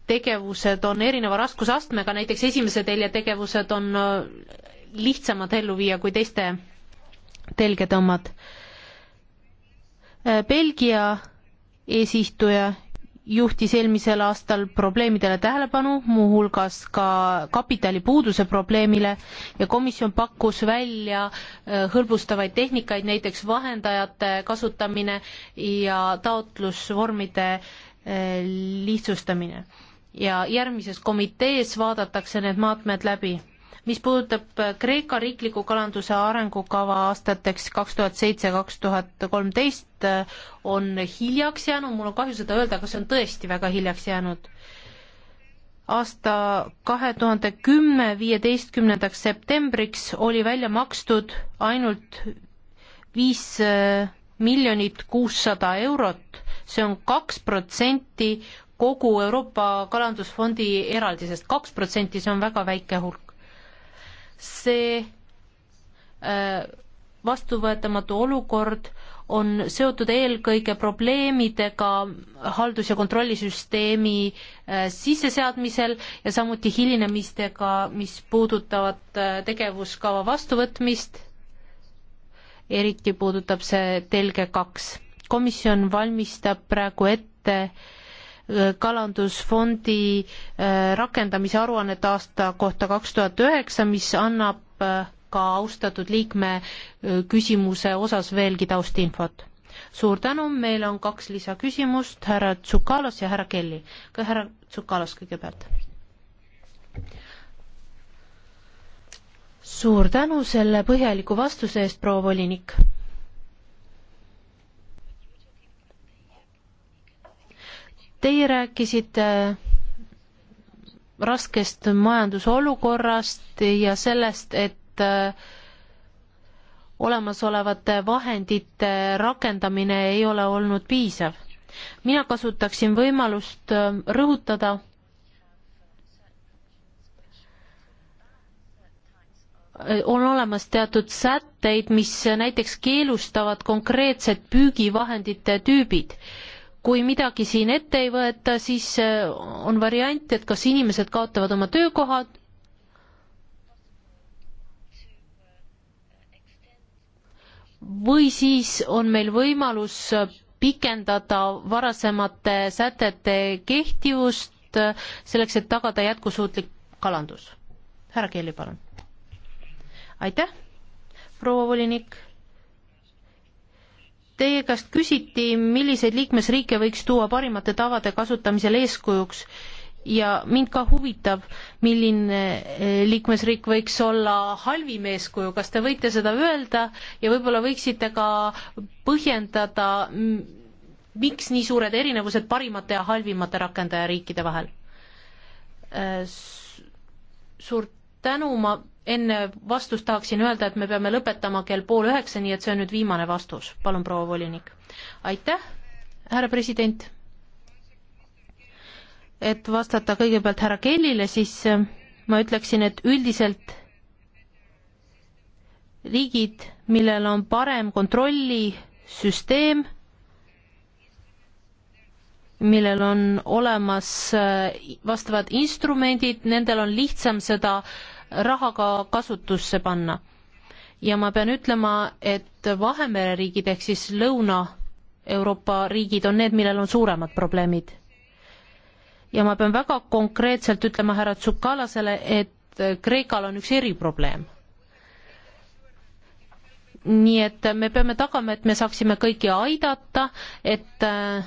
tegevused on erineva raskusastmega, näiteks esimese telje tegevused on äh, lihtsamad ellu viia kui teiste telgede omad. Äh, Belgia eesistuja juhtis eelmisel aastal probleemidele tähelepanu, muuhulgas ka kapitalipuuduse probleemile ja komisjon pakkus välja äh, hõlbustavaid tehnikaid, näiteks vahendajate kasutamine ja taotlusvormide lihtsustamine ja järgmises komitees vaadatakse need maatmed läbi. mis puudutab Kreeka riikliku kalanduse arengukava aastateks kaks tuhat seitse, kaks tuhat kolmteist, on hiljaks jäänud, mul on kahju seda öelda, aga see on tõesti väga hiljaks jäänud. aasta kahe tuhande kümme, viieteistkümnendaks septembriks oli välja makstud ainult viis äh, miljonit kuussada eurot, see on kaks protsenti kogu Euroopa Kalandusfondi eraldisest, kaks protsenti, see on väga väike hulk. see äh, vastuvõetamatu olukord on seotud eelkõige probleemidega haldus- ja kontrollisüsteemi äh, sisseseadmisel ja samuti hilinemistega, mis puudutavad äh, tegevuskava vastuvõtmist, eriti puudutab see telge kaks. komisjon valmistab praegu ette äh, Äh, kalandusfondi äh, rakendamise aruannet aasta kohta kaks tuhat üheksa, mis annab äh, ka austatud liikme küsimuse osas veelgi taustinfot. suur tänu, meil on kaks lisaküsimust, härra Tsukalos ja härra Kelly. ka härra Tsukalos kõigepealt. suur tänu selle põhjaliku vastuse eest, proua volinik Teie rääkisite äh, raskest majandusolukorrast ja sellest, et äh, olemasolevate vahendite rakendamine ei ole olnud piisav. mina kasutaksin võimalust äh, rõhutada on olemas teatud sätteid, mis näiteks keelustavad konkreetsed püügivahendite tüübid kui midagi siin ette ei võeta, siis äh, on variant, et kas inimesed kaotavad oma töökohad või siis on meil võimalus pikendada varasemate sätete kehtivust äh, selleks, et tagada jätkusuutlik kalandus. härra Kelly, palun. aitäh, proua volinik Teie käest küsiti, milliseid liikmesriike võiks tuua parimate tavade kasutamisel eeskujuks ja mind ka huvitab, milline eh, liikmesriik võiks olla halvim eeskuju, kas te võite seda öelda ja võib-olla võiksite ka põhjendada, miks nii suured erinevused parimate ja halvimate rakendajariikide vahel? Eh, suur tänu, ma enne vastust tahaksin öelda, et me peame lõpetama kell pool üheksa, nii et see on nüüd viimane vastus. palun, proua volinik. aitäh, härra president. et vastata kõigepealt härra Kellile, siis äh, ma ütleksin, et üldiselt riigid, millel on parem kontrollisüsteem, millel on olemas äh, vastavad instrumendid, nendel on lihtsam seda äh, raha ka kasutusse panna. ja ma pean ütlema, et Vahemere riigid ehk siis Lõuna-Euroopa riigid on need, millel on suuremad probleemid. ja ma pean väga konkreetselt ütlema härra Tsukalasele, et Kreekal on üks eriprobleem. nii et me peame tagama, et me saaksime kõiki aidata, et äh,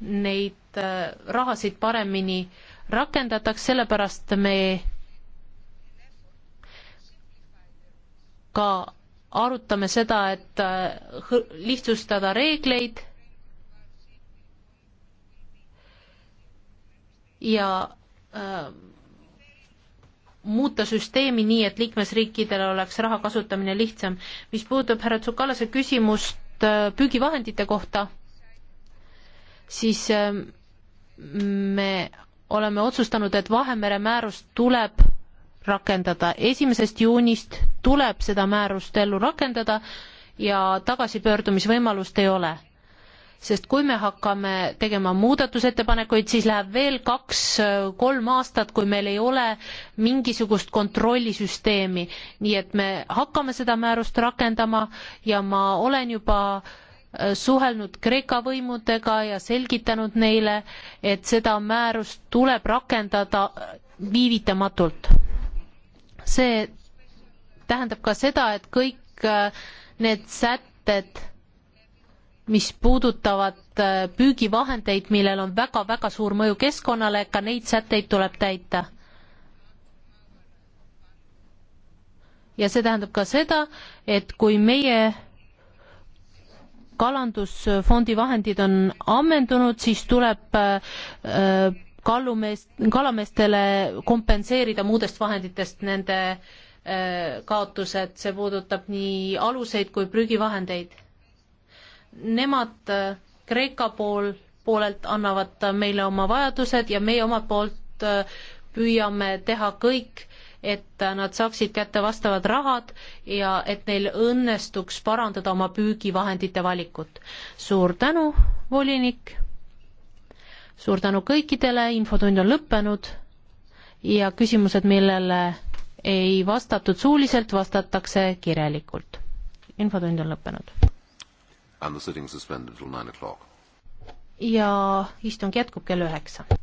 neid äh, rahasid paremini rakendataks, sellepärast me ka arutame seda, et äh, lihtsustada reegleid ja äh, muuta süsteemi nii, et liikmesriikidel oleks raha kasutamine lihtsam. mis puudutab härra Tsukalase küsimust äh, püügivahendite kohta, siis äh, me oleme otsustanud, et Vahemere määrus tuleb rakendada. esimesest juunist tuleb seda määrust ellu rakendada ja tagasipöördumisvõimalust ei ole. sest kui me hakkame tegema muudatusettepanekuid, siis läheb veel kaks-kolm aastat, kui meil ei ole mingisugust kontrollisüsteemi. nii et me hakkame seda määrust rakendama ja ma olen juba äh, suhelnud Kreeka võimudega ja selgitanud neile, et seda määrust tuleb rakendada viivitamatult see tähendab ka seda, et kõik äh, need sätted, mis puudutavad äh, püügivahendeid, millel on väga-väga suur mõju keskkonnale, ka neid sätteid tuleb täita. ja see tähendab ka seda, et kui meie kalandusfondi vahendid on ammendunud, siis tuleb äh, äh kallumeest, kalameestele kompenseerida muudest vahenditest nende äh, kaotused, see puudutab nii aluseid kui prügivahendeid. Nemad äh, Kreeka pool, poolelt annavad meile oma vajadused ja meie omalt poolt äh, püüame teha kõik, et nad saaksid kätte vastavad rahad ja et neil õnnestuks parandada oma püügivahendite valikut. suur tänu, volinik suur tänu kõikidele, infotund on lõppenud ja küsimused, millele ei vastatud suuliselt, vastatakse kirjalikult. infotund on lõppenud. ja istung jätkub kell üheksa.